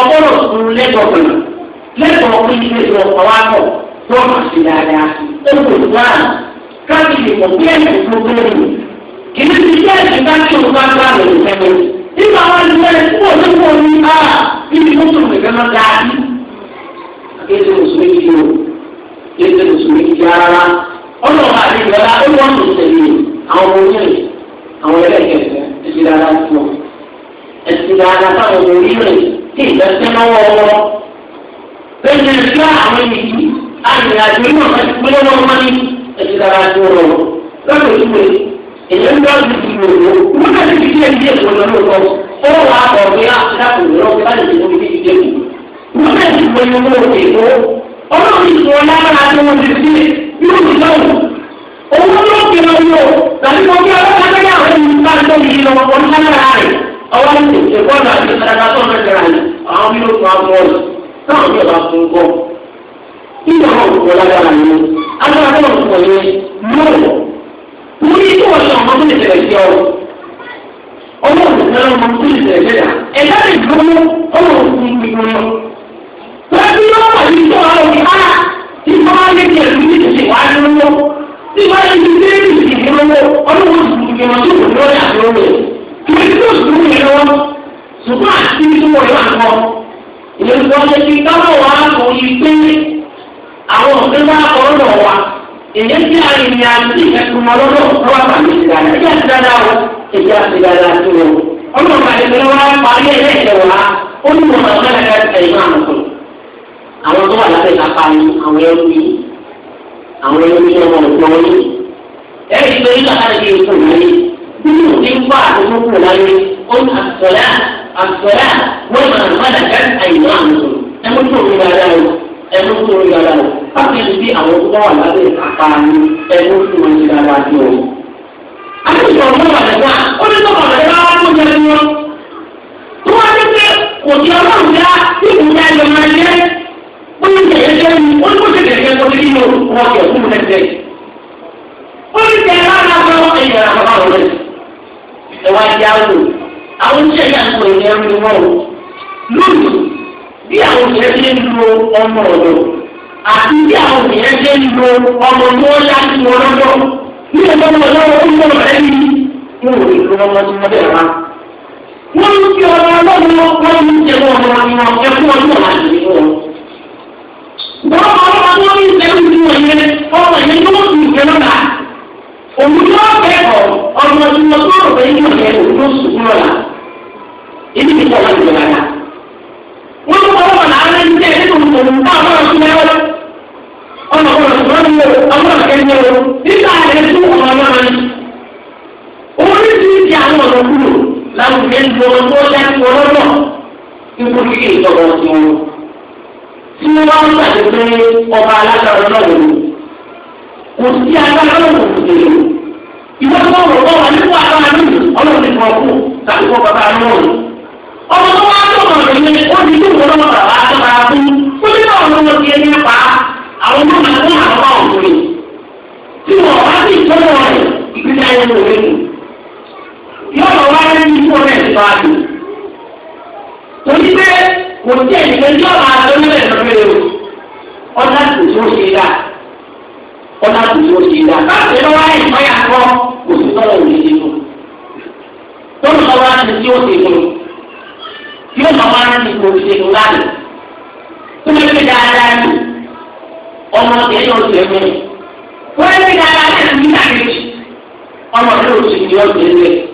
ọ̀pọ̀lọ̀ sùn lẹ́gbọ̀gbọ̀n lẹ́gbọ̀n pé ìjẹ́jọ́ ọmọ wa pọ̀ lọ́ọ̀mà sí dáadáa ó kò gbà káàkiri ìmọ̀ bí ẹ̀ ìlú ti jẹ́ ẹ̀sìn tí òun bá gbà lòun fẹ́ràn nígbà wọn ti fẹ́rẹ̀ tí wọ́n ní wọ́n ní á bíbí mùsùlùmí fẹ́ràn dáadí. akéde mùsùlùmí ti o akéde mùsùlùmí ti rárá ọlọ́run àti ìgbàlá ó wọ́n mú sẹ́yìn àwọn ọmọ onírin àwọn ẹlẹ́kẹ̀ẹ́ ẹ̀sìn dáadáa fún ọ ẹ̀sìn dáadáa fáwọn ọmọ onírin tí ìgbẹ́sẹ̀ náà wọ́ wọ́ bẹ́ẹ̀ ni èyí ń dọ́jú ti lò ó wọ́n náà ti fi díẹ̀ díẹ̀ kó lọ lóòótọ́ ó wà á bọ̀ bí àkókò lọ bá lè tó fi díẹ̀ kù wọ́n náà ti wọ inú òkè tó ọlọ́run ti wọ lára tó wọ́n ti fi yóò ti lọ́wọ́ owó ló ti lọ yóò tàbí mo kí ọlọ́run agbẹ́yà rẹ̀ ní bá tó yìí lọ wọ́n ká lára rẹ̀ ọwọ́ ní tètè bọ́ọ̀lù àti ìsàdàdà tó ń rẹ̀ rẹ̀ àwọn bí ó tún á bọ́ọ̀lù táwọn yóò bá fún un kọ́ torí tí wọ́n ṣe ọmọ tó lè tẹ̀lé sí ọ. ọlọ́run ti náà ọmọ tó lè tẹ̀lé sí ọ. ẹ̀dá lè dúró ọlọ́run ah, ti ń gbé wọn. wọ́n ti yọ ọmọ yìí tó ọ̀rọ̀ ní á tí wọ́n á lè tẹ̀lé ní ìṣẹ̀ṣẹ̀ wá lọ́wọ́. tí wọ́n á lè tẹ̀lé ní ìṣẹ̀ṣẹ̀ lọ́wọ́ ọlọ́run ti ń gbé tó wọ́n lọ́ọ̀yà lọ́wọ́. torí tí wọ́n ṣùgbọ́n àti èyí tí a lè ní àti ẹ̀kúnmọ́ lọ́dọ̀ lọ́wọ́ àti ìdáná ẹ̀jẹ̀ àti dáná o ẹ̀jẹ̀ àti dáná tó o. ọlọ́run bá dẹ̀kẹ́ lọ́wọ́ parí ẹ̀rẹ́ ìṣẹ̀wọ̀ ha ó ní wọn àwọn ẹ̀rẹ́ ẹ̀yìn máa mọ̀ sọ̀rọ̀. àwọn tó wà lábẹ́ ìlàpá ni àwọn ẹrú yìí àwọn ẹrú yìí ọmọ ìgbọ́n yìí. ẹ̀rí pé nígbà tá a lè kú láyé nínú ní ń bá àtúntò kú láyé ó pàtàkì sí àwọn tó wà lábẹ́ ìkápá ẹnu tí wọ́n ti dára sí o. àtúntò ọ̀gbọ́n wà lẹ́gbà ó ní tó kọ̀ọ̀lẹ́ bá wà tó jẹun yọ. tó wá dé pé kò ní ọlọ́run dá tí kò ní ayọ̀ máa yẹ ó ní kẹ̀kẹ́ kẹ́ mi ó ní kó ṣe kẹ̀kẹ́ kọ́ sí inú wọn fún mi lẹ́sẹ̀. ó ní kẹ̀ lára lọ́wọ́ ẹ̀yọ̀ àwọn bàbá rẹ̀ ẹ̀wà ìyá wò àwọn iṣẹ́ yà àwọn òṣèré ti ń lo ọmọ ọ̀dọ́ àti bí àwọn èèyàn ṣe ń lo ọmọ tó láti wọn lọ́dọ̀ ní ọjọ́ wọn lọ́wọ́ ń bọ̀ rẹ́ mi ní òwe ìlú ọmọ tí wọ́n bẹ̀rẹ̀ wá. wọ́n ń fi ọmọ ọlọ́run wọ́n ń jẹ wọn ọmọ ẹkún ọdún wọn àti ìlú wọn. wọ́n mọ ọmọ tó ń jẹ ìlú wọn yẹn ọmọ yẹn tó ń jẹ lọ́la. òun yóò kẹ́kọ̀ọ́ ọmọ tí wọ́n tó o àwọn akẹ́ni o nígbà yẹn tún ọ̀rọ̀ náà ni. oríṣiríṣi àwọn ọ̀rọ̀ kúrò láwùjọ ń lo ọmọ tó dá sí ọlọ́dọ̀ nípa kíkì ìjọba ti wọn. tí wọ́n bá ń pàdé pé ọba alágbára náà wò kò sí agbára náà wò kò tẹ̀lé ìwọ́n tó wọ̀ ọ́ wà nípò agbára náà ọlọ́run ti fọ́ kú tàbí fọ́ bàbá náà ọmọ tó wá tó ọmọ rẹ̀ yẹn ó di tó wọ́n lọ́wọ́ bàbá àtọ́ra fún kó nígbà wọn lọ́wọ́ ti ẹni pa á àwọn tó máa fún àwọn bá ni tí wọn bá sì tọ́wọ́ rẹ̀ ìgbésí ayé ló wé yóò lọ wá ní ikú ọ̀rẹ́ ìfọ̀ àti torí pé kò sí ẹ̀jẹ̀ tí ọ̀rọ̀ àtọ́lẹ̀ lọ́rẹ́ o ọ̀dà kò tó ṣe dá ọ̀dà kò tó ṣe dá báyìí lọ́wọ́ àìsàn yà kọ́ kò sí tọ́wọ́ òní ṣe fún tó ń lọ́wọ́ àti tí ó ṣe fún yóò lọ́wọ́ àti tí ó ṣe láàyè tó lè ọmọ èyí ọ̀sẹ̀ lẹ́gbẹ̀ẹ́ mi. wọ́n dára láti ní àgbèjì ọmọ ìlú òsì ni ọ̀sẹ̀ lẹ́gbẹ̀ẹ́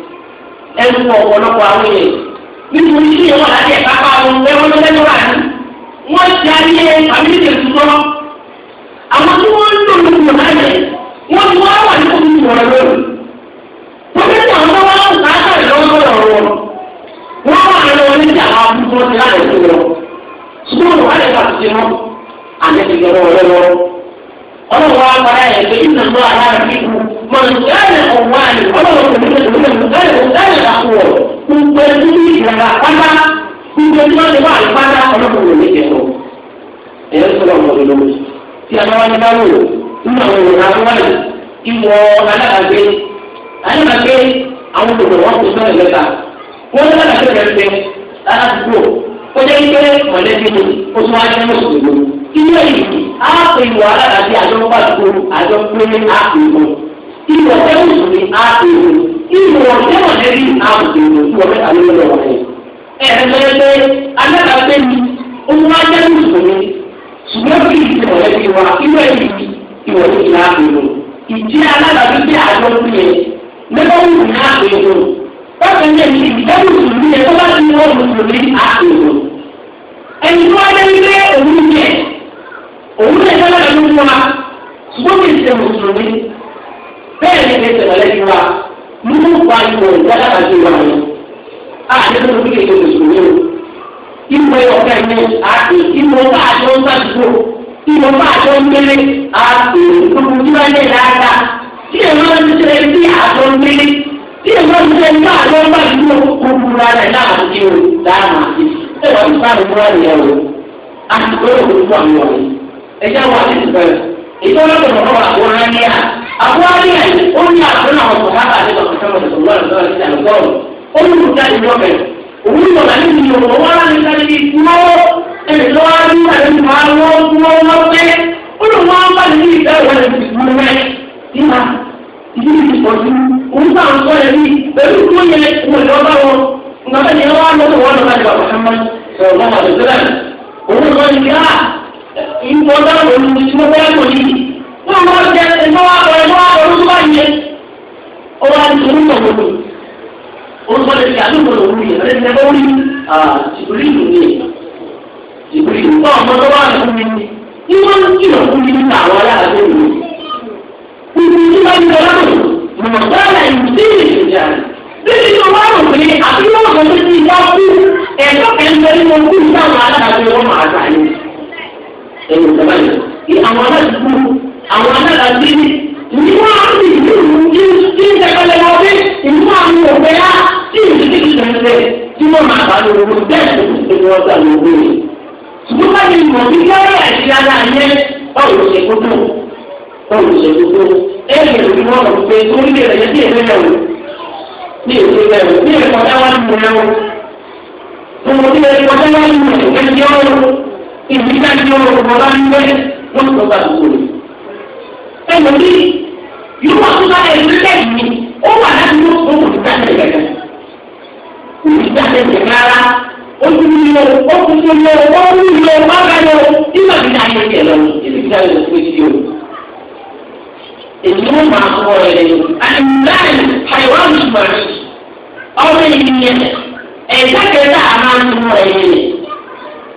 ẹnu ọ̀pọ̀lọpọ̀ àwọn èèyàn nítorí kí ìyẹn láti ẹ̀ka pa àwọn ẹwọ́n tó lẹ́nu wà ní. wọ́n ti ayé àbílẹ̀ tuntun àwọn tí wọ́n ń lò ní ìwọ̀n náà yẹ wọ́n ti wá wà ní kòtò ìwọ̀n lónìí. wọ́n ti tàn wọ́n wá ń kà á sọ̀rọ̀ lọ́wọ́ lọ́wọ́ wọn. wọ́n wà lọ́wọ́ níbi àwọn àbúkọ́ ti láyé tó. olówó ọlọ́run wa padà yẹn pé ìlú náà máa lára ndị mọ̀lùkálẹ̀ ọ̀wá ni ọlọ́run wọn kò ilé yìí á pè wàhálà àti àjọpọ̀ àdúgbò àjọpọ̀ àpèwò ìlú ọ̀tẹ́ mùsùlùmí àpèwò ìlú ọ̀tẹ́ mọ̀lẹ́bí àpèwò ìlú ọ̀tẹ́ àlejò ọ̀tẹ́. ẹ̀ẹ́dẹ́gbẹ́ alábàápẹ́ mi ohun wá jẹ́ mùsùlùmí ṣùgbọ́n kí ìdí mọ̀lẹ́bí wa ilé yìí ìwọ̀lẹ́ ìlà àpèwò ìdí alábàápẹ́ àjọpọ̀ yẹn lẹ́gbọ́n mùsùlùmí àpèwò bákan náà ní ìdíjẹ́ mùsùlùmí yẹn tó bá ti wọ́n mùsùlùmí àpèwò ẹni tó wá òun lè fẹ́ lọ́dọ̀ lórí wa ṣùgbọ́n kì í ṣe mùsùlùmí bẹ́ẹ̀ ni kì í ṣe mọ̀lẹ́bí wa nínú ìpàdé ìdájọ́ àti ìwà rẹ̀ a ní ló fi kéde mùsùlùmí o ìwé ọ̀gá ẹ̀mí àti ìwé ọ̀gá àti ọ̀gá àdúgbò ìwé ọ̀gá àti ọ̀gbẹ́lẹ̀ àti olùdíwálé dáadáa tí èèyàn máa ń ṣe sí àtọ̀gbẹ́lẹ̀ tí èèyàn máa ń ṣe sí àtọ̀gbà àdúgbò olùdíwálé dáadáa ti o dáadáa ti ẹ̀wọ̀n ìfáàmù ẹjẹ àwọn àdìsí bẹ̀rẹ̀ ìtọ́jú tó kọ́kọ́ àbúrò ní à àbúrò ní à ó ní àbúrò àwọn ọ̀sán káàkiri àti ọ̀sán sọ́mọ̀ tó wà lọ́wọ́ àti àlùkọ́rù ó ní kò jáde lọ́bẹ̀ òun ní ọ̀la ní ìlú ọ̀rọ̀ wà láti sáré ní ìdúró ẹni tó wá ní àlẹ́ ní máa lọ dúró lọ́pẹ́ ó lè wọ́n bá ní ìgbẹ́ wọn lè fi mú rẹ̀ nígbà ìdí ìdí pọ̀jù òun bá ń sọ yẹn ní pẹ̀lú tó yẹ wọn lọ bá wọn nǹkan bẹ́ẹ̀ ni wọ́n á lọ́wọ́ wọn lọ́wọ́ àti bàbá sọ́mọ́ sọ̀rọ̀ wọn wà lọ́sẹ̀lẹ̀ òun lọ́ ìmọ̀ náà ló ń ti mọ́ bẹ́ẹ̀ lò yìí wọ́n wá jẹ ẹ̀mọ́ wa lọ ẹ̀mọ́ wa lọ lọ́dún báyìí ó wá ní ìlú tọ̀ lọ́dún orúkọ lè fi àdúgbò lò wúri ẹ̀ lẹ́sẹ̀ ló rí jìbìrì lò ní jìbìrì lò ọmọ tó wà lọ́dún mi ní wọ́n ń kìlọ̀ fún mi nípa àwọn aláàbò mi kùtù ní bá ń lọ lọ́dún mọ̀ sọ́ọ̀lá ìlú sí ìrìnàjà bíbí tó wá rò pé àbí wọ́n kọ́ sí ti wá kú ẹ̀dọ́ kẹ́ńtẹ́ ní mo kú sáwọn aláàbò wọn máa gbà yín ẹ̀yìn ìjọba yìí kí àwọn aláàdúgbò àwọn aláàdúgbò ní wọ́n á ti ìlú ìlú kí ń tẹ́kọ̀lẹ́ wọn pé ìlú àwọn òwe á tí ìlú ti ti tẹ̀ tí wọ́n máa bá lóru wọn bẹ́ẹ̀ tó ti tẹ̀ wọ́n gbà lóru yìí. ṣùgbọ́n bá mi mọ̀ bí lọ́rọ̀ àti ara yẹn báwo ṣe gbogbo báwo ṣe gbogbo ẹ̀yìn ìlú wọn mọ̀ pé orílẹ̀ rẹ̀ ní ìlú rẹ̀ ní ìlú rẹ̀ ní ìkọ̀dá wa ń mú ẹ lọ́wọ́ ọ̀pọ̀ bá ń gbé wọ́n tó bá dùkú rẹ̀. ẹlòmí yóò wà tó bá ẹgbẹ́ lẹ́yìn ó wà láti mú òkú ìdájẹ́ rẹ̀ kú ìdájẹ́ rẹ̀ rárá ó tún ní o ó tún tún ní o ó tún ní o má bá yọ nígbà tí a yẹ kẹ lọ ìdí ìdá yóò fún ìdí o. èyí ló máa kọ ẹ àìláì àìwáwùsùn ọmọ ènìyàn ẹ̀dá kẹta àmà ń mú ẹ̀yìn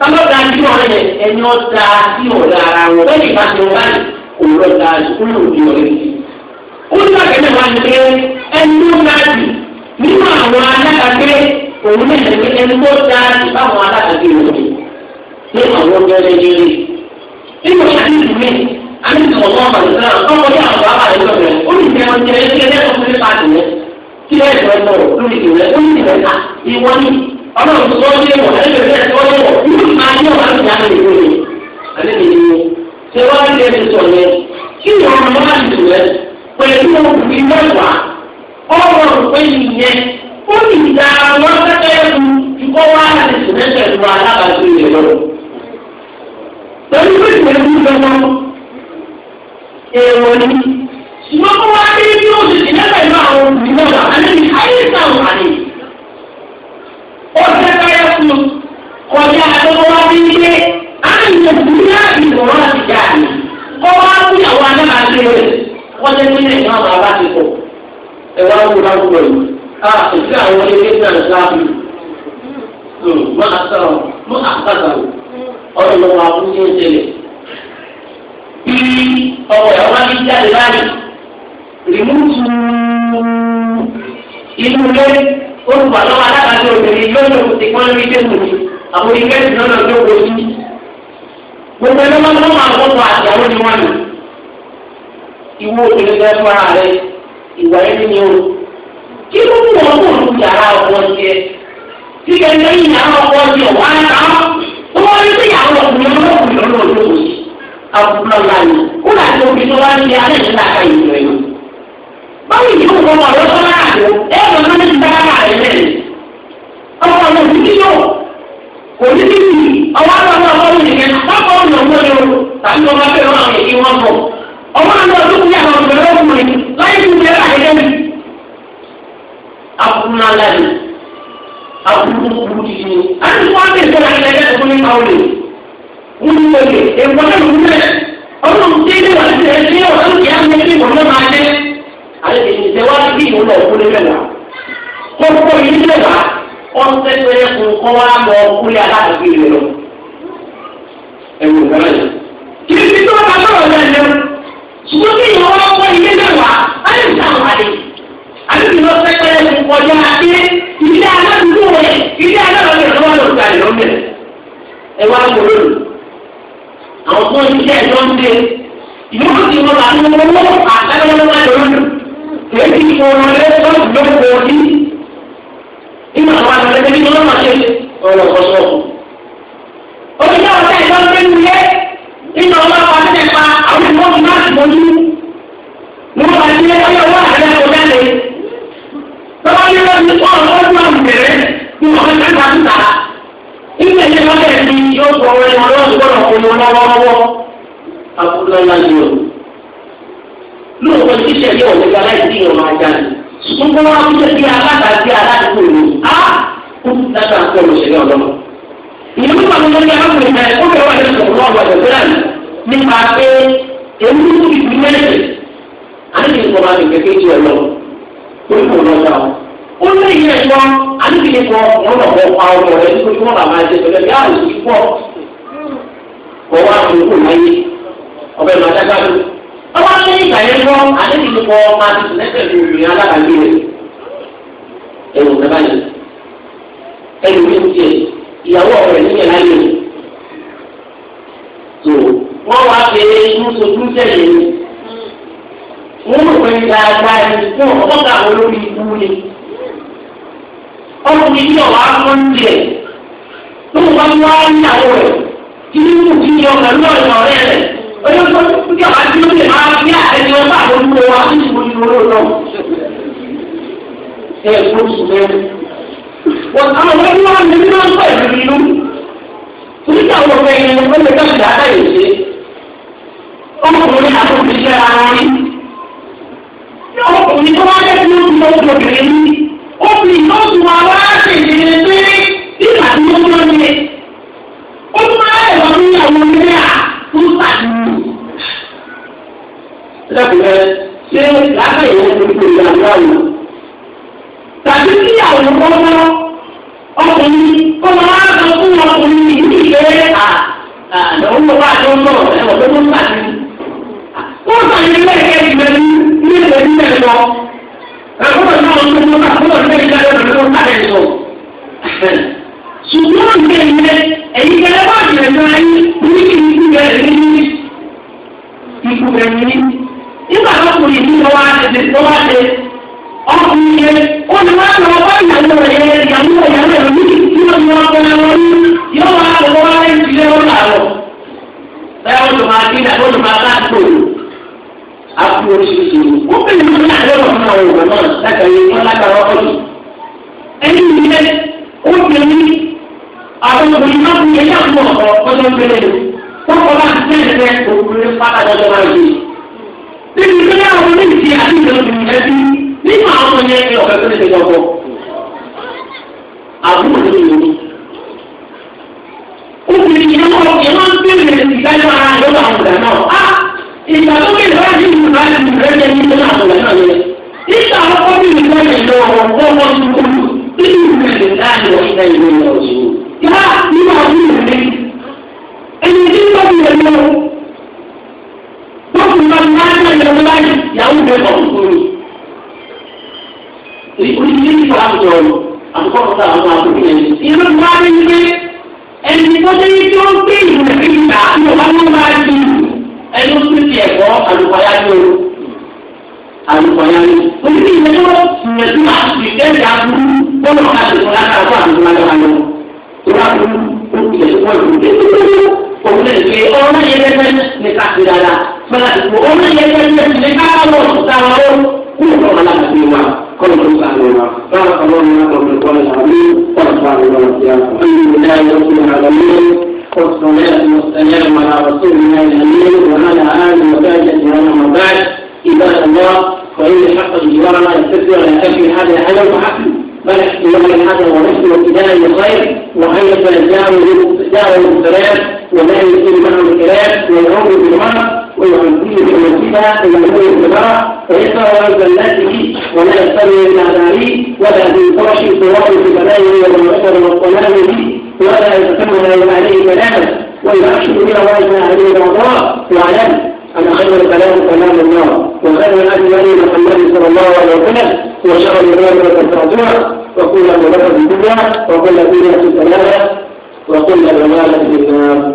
tọ́lọ́ da sí wọn yẹn ẹni ọ́ da sí ọ̀la ara wọn bẹ́ẹ̀ ni pàṣẹ wọn báyìí òwúrọ̀ da sukúlù òdi ọ̀rẹ́ yìí. ó ní àgbẹ̀dẹ̀ wa ní pé ẹni tó da sí nínú àwọn alágbàgbé òun ní ẹ̀sìn ẹni tó da sí báwọn alágbàgbé wọn ni ní àwọn ọ̀gẹ́rẹ́ yẹn. nínú àdìsí mi àdìsí ọ̀gbọ́n àgbàdo náà tọ́kọ àwọn bàbá rẹ̀ lọ́rẹ̀ ọlọ́run tó wọ́n lé wọ̀ ẹ̀rẹ́ bẹ̀rẹ̀ tó lé wọ̀ yóò máa yọ̀ wá ní àná ìwé mi àlẹ́ mi ni ṣé wọ́n lé mi sọ yẹn kí wọ́n mọ àlùtù rẹ pẹ̀lú òkú mẹ́wàá ọ̀rọ̀ pé ìyẹn ó ní ìdá wọn kẹ́kẹ́ lu ìkọ́ wá láti sìmẹ́ntẹ̀ lu alábàáṣe rẹ lọ. pẹ̀lú pé ìpẹ̀lú ìgbẹ́wọ́ èèwọ̀ ni ṣùgbọ́n kó wá dé bí ó ti àwọn òkú mẹ́wàá àlẹ́ mi ọjọ́ báyọ̀ fún un kọjá àtọ́kọ́ wá bí ilé àyìnbó búrúdá ìgbọ̀nrán àti jáde kọ́ wá fún ìyàwó anáà àti rẹ̀ kọjá ní ilé ìwọ̀n àwọn abá ti pọ̀ ẹ̀wọ̀n àwòrán àwòrán yìí a òfin àwọn ilé náà ń sáà bí mọ àtàwọn mọ àtàwọn ọ̀rọ̀ lọ́wọ́ àwọn ní ìṣẹ̀lẹ̀ bí ọmọ ìyàwó wá bí jáde láàyè rìmúùtù inú olùpàlọ́wọ́ alábàáṣe obìnrin lọ́nà òkùnkùn wọn lórí jésù ni àwọn ìgbẹ́sì lọ́nà tó wọ sí. gbogbo ẹni wọn máa ń wọ́pọ̀ àtìyàwó ni wọ́n lò. ìwọ obìnrin fẹ́ fún ara rẹ ìwà ẹni ni o. kí ló mú wọn kó lu yàrá ọkọ tiẹ̀? tí kẹ́ lẹ́yìn yàrá ọkọ tiẹ̀ wá ń ta ọ́. tó wọ́n rí sí yàrá ọkùnrin ọlọ́kùnrin lọ́nà tó àbúrò báwo ìdílé kò mọ àwọn ọlọ́lá àjò ẹ lọ náà ti dára àrẹ mẹ́rin ọmọ ọmọ òsìkí yóò kò ní bí bí ọwọ́ àti ọmọ ọmọ mi nìkan báwo ọmọ ọmọ mi o tàbí ọmọ abẹ́ wọn àwọn èyí wọn bọ̀ ọmọ àti ọmọ mi àwọn ọmọ ẹ̀rọ ọmọ mi láyé ti bẹ̀rẹ̀ àyẹ̀kẹ́ mi. akuna lẹ́nu ti ni àti wọn sọ àyẹ̀kẹ́ tó ní káwọn àlejò ìṣe wá bí ìwọ lọ kúlé mẹ́wàá kókó yìí mẹ́wàá wọn tẹ́tẹ́ fún kọ́ wá lọ kúlé aláàbí rẹ̀ lọ. ẹ̀rù ìgbàlá yìí. kí ni tí wọ́n bá sọ̀rọ̀ náà lẹ́nu ṣùgbọ́n kí ìwọ wá kọ́ ilé mẹ́wàá àlejò àwọn àlejò àlejò lọ tẹ́tẹ́ fún kọjá adé ilé aládùúgbò rẹ̀ ilé aládùúgbò rẹ̀ lọ́wọ́ lọ́ ìlú ti wọn àti owó àtàwọn ọmọ ẹlòmíràn èyí ti fún un lé lọ́sùn lọ́sùn òbí nínú àwọn àtàlẹ́tẹ̀ nínú ọlọ́mà ṣe ọ̀rọ̀ ọ̀sọ̀. oníṣẹ́ ọ̀sẹ̀ ìtọ́jú ilé nínú ọlọ́pàá tẹ̀ pa àwọn ìfọ́nù náà ti mọ́jú. mo bá ti lé ọyọ owó àlẹ́ kò jáde. tọ́wọ́ ní wọ́n ti pọ̀ ọdún àmùbẹ̀rẹ̀ ní ọ̀sẹ̀ mẹ́ta níta. ilé ìṣẹ́ lọ́sẹ̀ ti yóò sọ ọ̀rẹ́ ọlọ́sùn gbọ́dọ̀ lóòótọ́ ní kíṣẹ̀ yẹ òwe gba láì sí ìrọ̀rùn ajá ni ṣùgbọ́n wọn á fúnṣẹ́ bí aládàájẹ́ aládùúgbò ni á kó dáta ń kọ́ lọ́sẹ̀rẹ́ ọlọ́mọ. ìyẹn nípa mi lórí arákùnrin náà ó bẹ̀rẹ̀ wà ní ọ̀pọ̀lọpọ̀ ọ̀gbà ìgbéra nípa pé èmi ń fi ìlú mẹ́rin àdéhùn kọ́ máa nìkẹ́ kéjì ọlọ́ ó lé ìyẹn ẹ̀kọ́ àdébìyẹ kọ wọn lọ bọ pa ọmọ rẹ nítorí wọn làwọn àjẹ sọlẹ bí àwọn ìsìnkú ọba ní ìgbà lọ àdéhùn ìlú ọmọ àdéhùn lẹ́sẹ̀ ní obìnrin alábàágbé rẹ̀ ẹ̀rù ọ̀gá báyìí ẹ̀rù mi ń tiẹ̀ ìyàwó ọ̀rẹ́ níyẹn láyé tó wọ́n wá pé inú sojú sẹ́yìn wọ́n pé dáadáa ni fún olórí ikú ni ní ọ̀wá fún tiẹ̀ tó wọ́n wá ní àwọn rẹ̀ kí kí ọ̀gá rẹ̀. oye kó kí àwọn àti lóde máa ní àtẹni wọn bá àwọn olúwo wa ní ìwé ìwé olóòlò ẹ kó sùn lẹ́nu. wọ́n àwọn ọmọ ẹni wọn ní wọn ń pẹ̀lú ìlú torí tí àwọn ọmọ ẹni wọn lè dáhùn dáadáa yìí ṣe ọmọkùnrin àti obìnrin ṣe ara rí ní ọmọkùnrin tó wá jẹ́ kí ó ti lọ sí obìnrin ní obìnrin tó tún wá wá ṣèṣe pé ìgbà tí ó tún lọ nílé ó máa ń lọ sí àwọn onílé à tó sàdúrà lẹ́kùnrin ṣé lábẹ́ ìyẹn ti pè é àgbáwò. tàbí kí àwọn ọmọ ọkùnrin kó máa ń sọ fún ọkùnrin ìlú ìgbé à àdéhùn tó tó ń bọ̀ ẹ̀wọ̀n tó ń bà ní. sọ yẹn lẹ́ẹ̀kẹ́ ìgbẹ́ni ní ìgbẹ́ ní ẹ̀kọ́. náà ń tó ń bà fún ọ̀sẹ̀ ìgbà lọ́dọ̀ tó ń bà ẹ̀ sọ. ṣùgbọ́n ìgbẹ́ ìgbẹ́ ẹ̀yin gẹ́gẹ́ ṣe tó bá ṣe ọkùnrin yẹn ó ní wá lọ bá ìyàwó rẹ̀ ìyàwó ìyàwó rẹ̀ ní kí ló ní ọkọ rẹ̀ wọn yóò wá lọ wá ìdílé wọn làwọ̀ bẹ́ẹ̀ wọ́n tó máa kí ìdàgbọ́ tó máa bá àgbò àpò oríṣiríṣi ó bẹ̀rẹ̀ mọ́ ní àlẹ́ wọn náà wọ̀ náà lágbàáyé wọn lágbàá wọn kọ́ni ẹni ìyẹn ó bẹ̀rẹ̀ ní àwọn obìnrin máa ń yẹ yàtọ̀ ọ̀pọ̀ ọ̀pọ̀ tó ń bẹ̀rẹ̀ lọ níbi tó yà wọn níbi tí a ti lọ nínú àwọn ọmọ yẹn ní ọ̀fẹ́ tó lè tẹ̀lé ọkọ. àbúrò ló lò obìnrin yẹn wọ́n yẹn máa ń bèèrè ìdájọ́ ara lọ́wọ́ àwọn ọ̀dà náà. a ah! ìgbà tó bẹ̀rẹ̀ wá sí ìlú bá ti rẹ̀ yẹn ní àwọn ọ̀dà náà yẹn. nígbà ọkọ bí mi lọ́wọ́ lọ́wọ́ wọ́n wọ́n ti lè mú báyìí ìyàwó mi kọ́ ọ̀hún mi. Ìkúrí ní ìlú àbùkọ̀ àbùkọ̀ ọ̀tá àwọn àbùkọ̀ yẹn. Ìlú ti wá ní pé ẹni tó dé ní tó ń gbé ìlú rẹ̀ níbi ìgbà tí ọba ló máa di ẹni tó ti ẹ̀kọ́ àlùkọ̀yá ní o. Àlùkọ̀yá ní. Oníṣẹ́ ìyẹn tó ìyẹn وقلنا يجب أن نجعل وتعالوا كل على نبينا كل سبحانه بارك الله لكم في القرآن العظيم ونفعنا بما فيه الحمد لله رب العالمين والصلاة والسلام على رسول الله الأمين وعلى آله وصحبه أجمعين بعد عباد الله فإن حق الجوار لا يستطيع أن يكفي هذا العمل وعقله بل احتمال هذا ونفسه ابتداء للخير وأن يتنجاه بالسلام ولا يكون معه الكلام والعمر بالمعروف ويعزيه المسيح ويعزيه الكبار فيسمع ويزلته ولا يستمع الأعداري ولا ينفرش صواب في بدائه والمحصر والطلاب به ولا يتكلم عليه كلامه ويحشد بها ويسمع عليه الأعضاء وعلم أن خير الكلام كلام الله وخير الأهل محمد صلى الله عليه وسلم وشر الإمام التعزوع وكل مبارك في الدنيا وكل دنيا في السلامة وكل جمالة في النار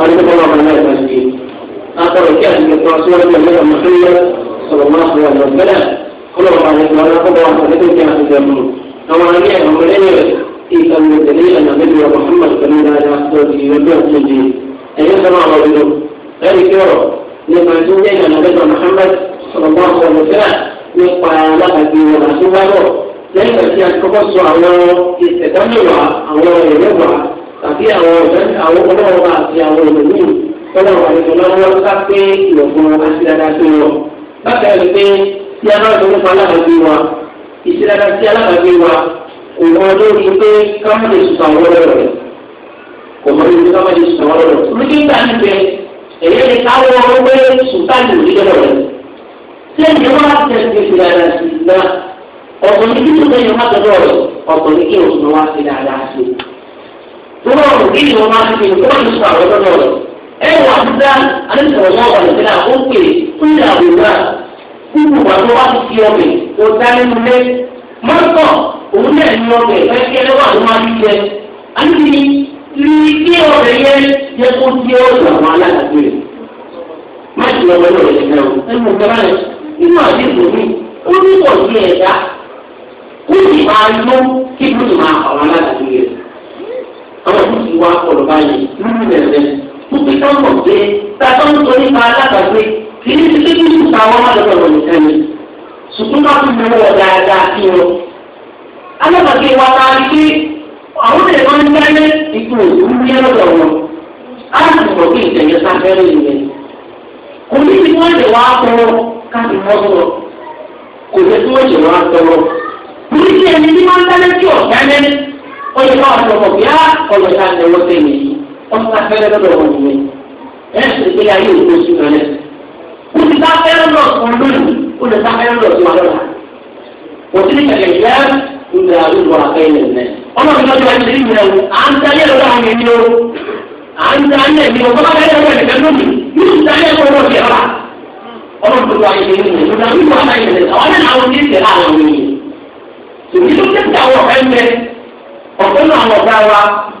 أرجو الله من أقول كأس من رسول الله محمد صلى الله عليه وسلم كل ما عليه ولا قبر ولكن كأس الجنون أو أن يعلم الأمير في أن الدليل أن النبي محمد صلى الله عليه وسلم يبدأ سجين أن يسمع رجل ذلك يرى لما سجين أن النبي محمد صلى الله عليه وسلم يقع لك في رسوله lẹ́yìn tí a kọ́kọ́ sọ àwọn ìṣẹ̀dá mẹ́wàá àwọn ẹ̀rẹ́ mẹ́wàá tàbí àwọn ọ̀dọ́ àwọn ọlọ́wọ́ àti àwọn ìlú tọ́lá wà lóṣù lọ́wọ́ ká pé ìwọ̀fun aṣíláda tó wọ̀. bákan ẹ̀rí pé tí a náà tó nípa alábàágbé wa ìṣíláda tí alábàágbé wa kò mọ lórí pé káwọn lè sùn àwọn ọlọ́rọ̀ rẹ̀ kò mọ lórí káwọn lè sùn àwọn ọlọ́rọ̀ rẹ̀. orí kíkà ń bẹ èyí ni káwọn ọgbẹ́ sùtáàlì òṣèlú rẹ̀. tí ẹ̀yìn wá tẹ̀sí ìṣíláda sí náà ọkùnrin kí tó lẹ́yìn wá tọ́jú ọ̀rọ̀ ọkùnrin kí òṣùwọ̀n wá sí dáadáa sí. tó bá kí ni máa fi ìwọ́n ti ẹ̀rọ àbúdá alẹ́sọ̀rọ̀ wọn wà lọ́sẹ̀ náà ó pè fún ìlàwòrán kúrú wà tó wá sí ọbẹ̀ kó dánilú lé mọ́tò òun náà ní ọbẹ̀ ẹ̀kẹ́ ẹlẹ́wà ló máa ń jẹ alùpùpù ní kí ọbẹ̀ yẹ yẹ kó di ọ̀dọ̀ àwọn alágbàgbé rẹ̀ má ti ọbẹ̀ lọ rẹ̀ náà ẹnu ìjọba rẹ̀ nínú àdéhùn mi ó ní wọ̀ sí ẹ̀dá ó sì máa lọ kí ló máa àwọn alágbàgbé rẹ̀ àwọn ìwà ọ̀rọ̀ báyìí lórí rẹ̀ rẹ̀ níbi tó ń bọ̀ pé tàbí ń torí pa alábàágbé kì í ti kí ní àwọn ọmọdébọ̀rọ̀ nìkan ni ṣùgbọ́n ká fún mi wọ̀ dáadáa sí wọn. alábàágbé wa ta ni pé àwọn èèyàn máa ń dáná ipò òkú ní ọ̀dọ̀ wọn á sì mọ̀ bí ìtẹ̀yẹ sáfẹ́rẹ́ ìyẹn. kò ní bí wọ́n lè wá tọrọ káàdì mọ́ sọ̀rọ̀ kò lè tí wọ́n lè wá tọrọ. bí kí ẹni tí máa ń dáná tí ọ̀gá ẹni ó lè ni ọmọ tá a lọ́dọ̀ wọn nìyẹn ẹ̀ ṣe pé ayé òkú oṣù kan lẹ̀ ti tá lọ́dọ̀ kan lónìí kó lè tá a fẹ́ lọ́dọ̀ wọ́n ti ní kẹ̀kẹ́ yẹ́ ìgbà olùwà akẹ́yẹ̀ nẹ̀ ọmọ mi lọ́jọ́ ẹni lẹ́yìn rẹ̀ à ń dalẹ̀ lọ́dọ̀ àwọn èmi o à ń dalẹ̀ mi o bọ́lá bẹ́ẹ̀ lọ́wọ́ ẹ̀kẹ́ lónìí yóò dalẹ̀ kó lọ́ọ̀ fi ọ̀la ọmọ mi lọ́jọ́ ayé lẹ́yìn rẹ̀ lọ́dọ̀ àwọn ìwà ayé lẹ́yìn àwọn àwọn ènìyàn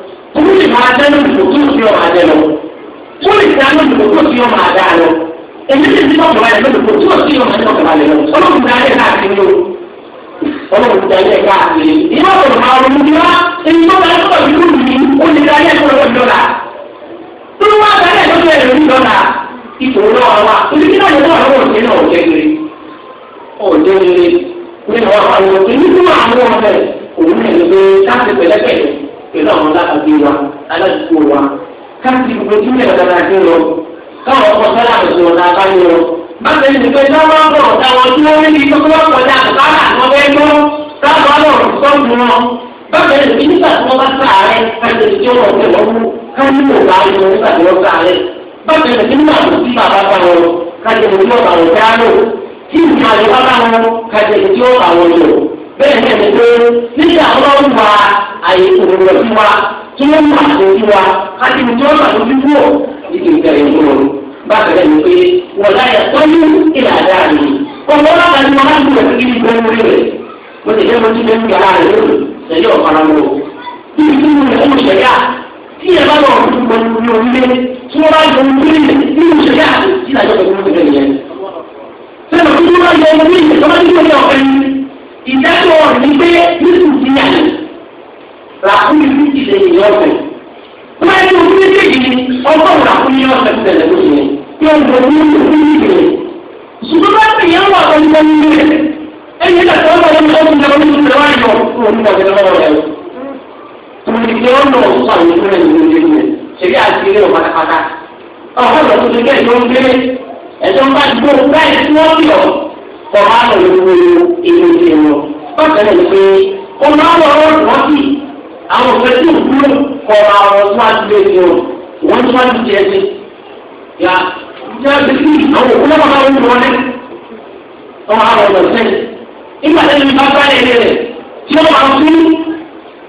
kúrò lè máa dá lórí tó fi ọmọ adé lọ kúrò lè dá lórí tó fi ọmọ adá lọ èmi lè fi ọmọ adé lórí tó fi ọmọ adé ọmọ adé lọ ọlọ́run dá ilé káàkiri lọ ọlọ́run dá ilé káàkiri ìwọ kò máa ronú bí wá èyí tó máa tọ̀ sí lórí mi ó lè dá ilé ẹ̀kọ́ lọ́dọ̀ọ́lá tó wá dá ilé ẹ̀kọ́ lọ́dọ̀ọ́lá ipò náà wà oníkí náà wà lọ́wọ́ òṣèlú ọ̀jẹ̀gẹ̀rẹ̀ ọ̀jẹ̀gẹ̀rẹ̀ nínú àwọn òṣèlú àwọn náà ló gbé láti pẹ̀lẹ́pẹ̀lẹ́ pẹ̀lú àwọn alábàbí wa aládùúgbò wa káàkiri gbogbo tí wọ́n yàgbọ́n àti lọ káwọn ọmọ sọ́lá àbẹ̀sọ̀ ọ̀nà àbáyọ. bákan ní pé dáwọ́ bọ̀ táwọn tí wọ́n rí ní kókó ọ̀pọ̀lá àbára àwọn bẹ́ẹ̀ lọ táwọn ọlọ́run sọ́ọ̀dù wọn. bákan ní pé nígbà tí wọ́n bá sàárẹ̀ káàkiri tí wọ́n wọ̀ pẹ̀lú káàkiri ò bá yọ nígbà nígbà tí wọ́n bá wọn dáná tí ìgbà tí wọ́n tí àyè òwúrọ̀ sí wa kí ló wà lójú wa kájí mi tí wọ́n wà lójú wò níbi ìgbà yẹn wò lóru bákan náà ni pé wọ́n láyà tọ́jú ìlà dáa mi ọ̀pọ̀ wọn kàn ní wọn láti wọ̀ sí ibi ìgbà orí rẹ̀ mo ti dé mo ti dé ń gbà láàrin lónìí ṣẹlẹ̀ ọ̀pára wọn o níbi tí mo lè fún ìṣẹ̀yà tí ẹ bá lọ fún mi ní orílẹ̀ tí wọ́n bá yọ orí rẹ̀ ní ìṣẹ̀yà tí ìdájọ́ tó fún mi lè yẹn. sẹ́nu tí wọ́n bá yọ orí rẹ̀ tó bá yọ orí ọ̀fẹ́ ìdájọ́ rẹ̀ ní pé yíṣù ti yà làkúnyí méjì lè yẹ ọ̀sẹ̀. wọ́n yẹ kó ní méjì ọgọ́rùn-ún làkúnyí ọ̀sẹ̀ tẹ̀lé ló yẹ kí ẹ lọ ní méjì lè. ṣùgbọ́n bá ti yẹn wà lórí lórí rẹ̀ ẹ̀yẹ kàtà ọ̀gá wọn ló ń lọ ní ìlú ayọ̀ fún òun ìgbàgbé lọ́wọ́ rẹ̀. tòmìnìkì ọ̀nà ọ̀sán àwọn ìlú rẹ̀ ló ń gbé ṣèlú àti ilé ọ̀pá pátá. ọ̀gá lọ sí ilé ẹ̀jọ̀ ń gbé ẹ̀jọ̀ ń bá gbó báyìí tí wọ́n fi ọ̀ kọ̀ máa lọ lórí ìlú ìlú. bákan náà ni pé ó máa àwọn òfin tí òkúrò kọ àwọn smart plate o wọ́n tí wọ́n ti jẹ ẹsẹ̀ yà jẹ́ ẹsẹ̀ sí àwọn òkúrò bàbá wọn wọ́n ní ọmọ àwọn ọ̀dọ̀ sẹ́yìn nígbà tẹ́lẹ̀ mi bá bá ẹ̀rẹ́ rẹ̀ tí ó máa fún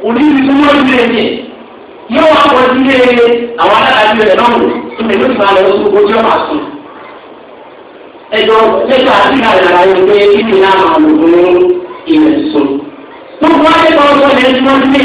òní ibi tó wọ́n lé ẹ̀jẹ̀ yóò wá wọ́n sí ilé àwọn aláàbí rẹ̀ náà tó lè lóṣù máa lọ sí gbogbo tí ó máa sùn. ẹjọ́ lẹ́tọ̀ àti àlàyé rẹ̀ pé kí ni náà máa lò fún ìrẹ̀sùn. gbogbo ayé kan sọ lẹ́yìn tí wọ́n lé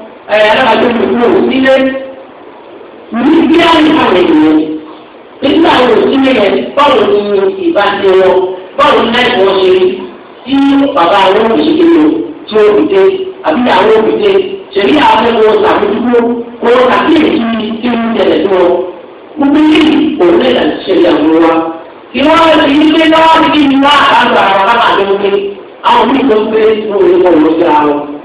ẹ̀ alábàájọ́ ìdúró sílé ní bí àyíká rẹ̀ yẹn nígbà wo sílé yẹn bọ́ọ̀lù ní ìbáṣe wọn bọ́ọ̀lù náà wọ́n ṣe rí tí bàbá àwọn òṣèlú lò tí ó fi dé àbí àwọn òbíde ṣèlú àwọn ọmọ ṣàmójúgbó kó àkíyèsí tí ó ń tẹ̀lé tó ọ. gbogbo yìí òun lè là ń àwọn wa. ìwọ ti ń gbé lọ́wọ́ ní kí ni wọ́n á bá àwọn àwọn àjọ gbé àwọn mí tó ń gbé ní òun ní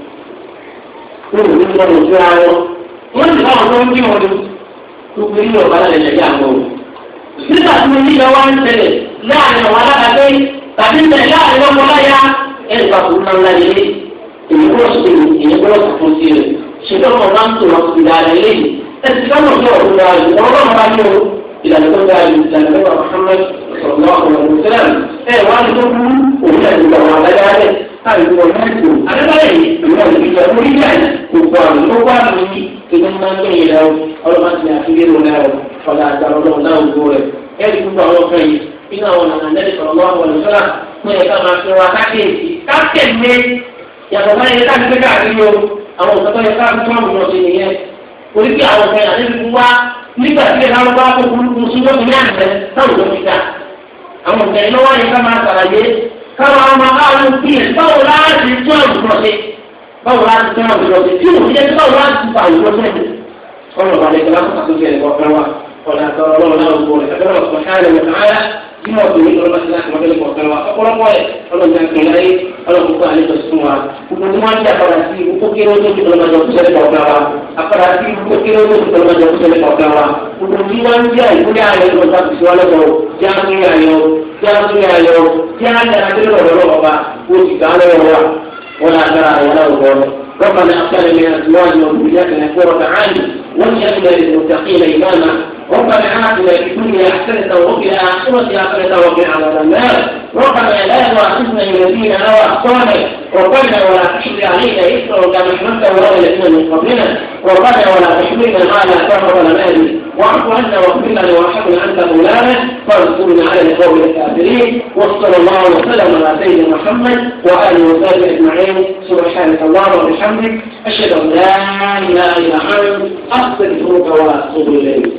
ní ìlú tó ń ju ara wọn wọ́n ti fáwọn tó ń bí wọn ni gbogbo yìí ọ̀gá lẹ̀ lẹ̀ yà wọ́n. nígbà tí mo yíyọ wá ń tẹ̀lé láàrin àwọn alábàágbé tàbí tẹ̀lé láàrin ọmọ láyà ẹ̀ nípa kò náà ńlá yẹlé èyí gbọ́dọ̀ sí èyí èyí gbọ́dọ̀ sí fún sí rẹ̀ ṣùgbọ́n mo máa ń tò wọ́n sí ìlànà ilé yìí ẹ̀sì lọ́nà tó ọ̀dọ́ yìí wọ́n lọ́nà bá ní o ìlànà tó dáa yìí ìlànà tó wà fún mẹ́tò ọ̀gá ọ̀gá ọ̀gá ọ̀gá ọ̀gá ọ̀gá ọ̀gá ọ̀gá ọ̀gá ọ̀gá ọ̀gá ọ̀gá ọ̀gá káyọ̀ wọ mẹ́tò alẹ́bàlẹ̀ yìí ìwọ ìjọ orí yà kò kọ́ àrùn ló wà lórí kíkọ́ máa ń gbẹ̀yìn lọ ọlọ́mọ ti àfihàn lọ náà ọ̀la àgbàrọ̀ lọ náà wò rẹ̀ ẹ̀rí gbogbo àwọn ọ̀kan yìí nínú àwọn ọ̀nà nẹ́ẹ̀lì sọ̀rọ̀ lọ́wọ́ àwọn ọ̀nà fún ẹ̀ka máa fi ra kákẹ́ẹ̀sì kákẹ́ẹ̀mẹ́ yàtọ̀ máa yẹ káàkiri káàkiri o àwọn òṣèlú yẹ káàkiri wọn lọ sí nìyẹn orí kí àwọn ọ̀kan yàtọ̀ fún wa nígbà tí ẹ̀ka wọn bá kó kúrú kúrú sí lọ́sùn ní àná táwọn ò lọ sí ta àwọn ọ̀kan yìí lọ́wọ́ yẹ ká máa sàlàyé káwọn ọmọ báwọn ń gbìyànjú báwo láti tún àwùjọ ṣe báwo láti tún àwùjọ ṣe tí òun yẹ báwo láti tún àwùjọ ṣe ọlọ́ọ̀bà lẹ́gbẹ̀ẹ́ láti tún àtúnṣe ẹ̀kọ́ fẹ́ wá ọ̀nà àtọ̀rọ̀ ọlọ́run náà gbogbo rẹ̀ abẹ́rẹ́ ọ̀sùn hánà ní sàmàlà bí wọ́n tó ní ọlọ́run láti láti mọ́tẹ́lẹ̀ kọ̀ọ̀kan wa ọ̀pọ̀lọpọ̀ ẹ̀ ọlọ́run ti àkùnrin láyé ọlọ́run kúkú àlejò sùn wa gbogbo tí wọ́n ń jà padà sí ikú kéré tó ti ọlọ́run àjọ kúṣẹ́lẹ̀ kọ̀ọ̀kan wa àpàdà sí ikú kéré tó ti ọlọ́run àjọ kúṣẹ́lẹ̀ kọ̀ọ̀kan wa gbogbo tí wọ́n ń jà ìkúlẹ̀ ààrẹ ọlọ́run láti fi wá lọ́wọ́ já ń rí ayọ̀ já ń rí ayọ̀ já وليكن للمتقين إماما ربنا آتنا في الدنيا حسنة وفي الآخرة حسنة وقنا على النار ربنا لا تؤاخذنا الذين أو أخطانا ربنا ولا تحمل علينا إثرا كما حملته ولا الذين من قبلنا ربنا ولا تحملنا ما لا تعرف لنا به واعف عنا واغفر لنا وارحمنا أنت مولانا فانصرنا على القوم الكافرين وصلى الله وسلم على سيدنا محمد وآله وصحبه أجمعين سبحانك اللهم وبحمدك أشهد أن لا إله إلا أنت واستغفرك واتوب اليك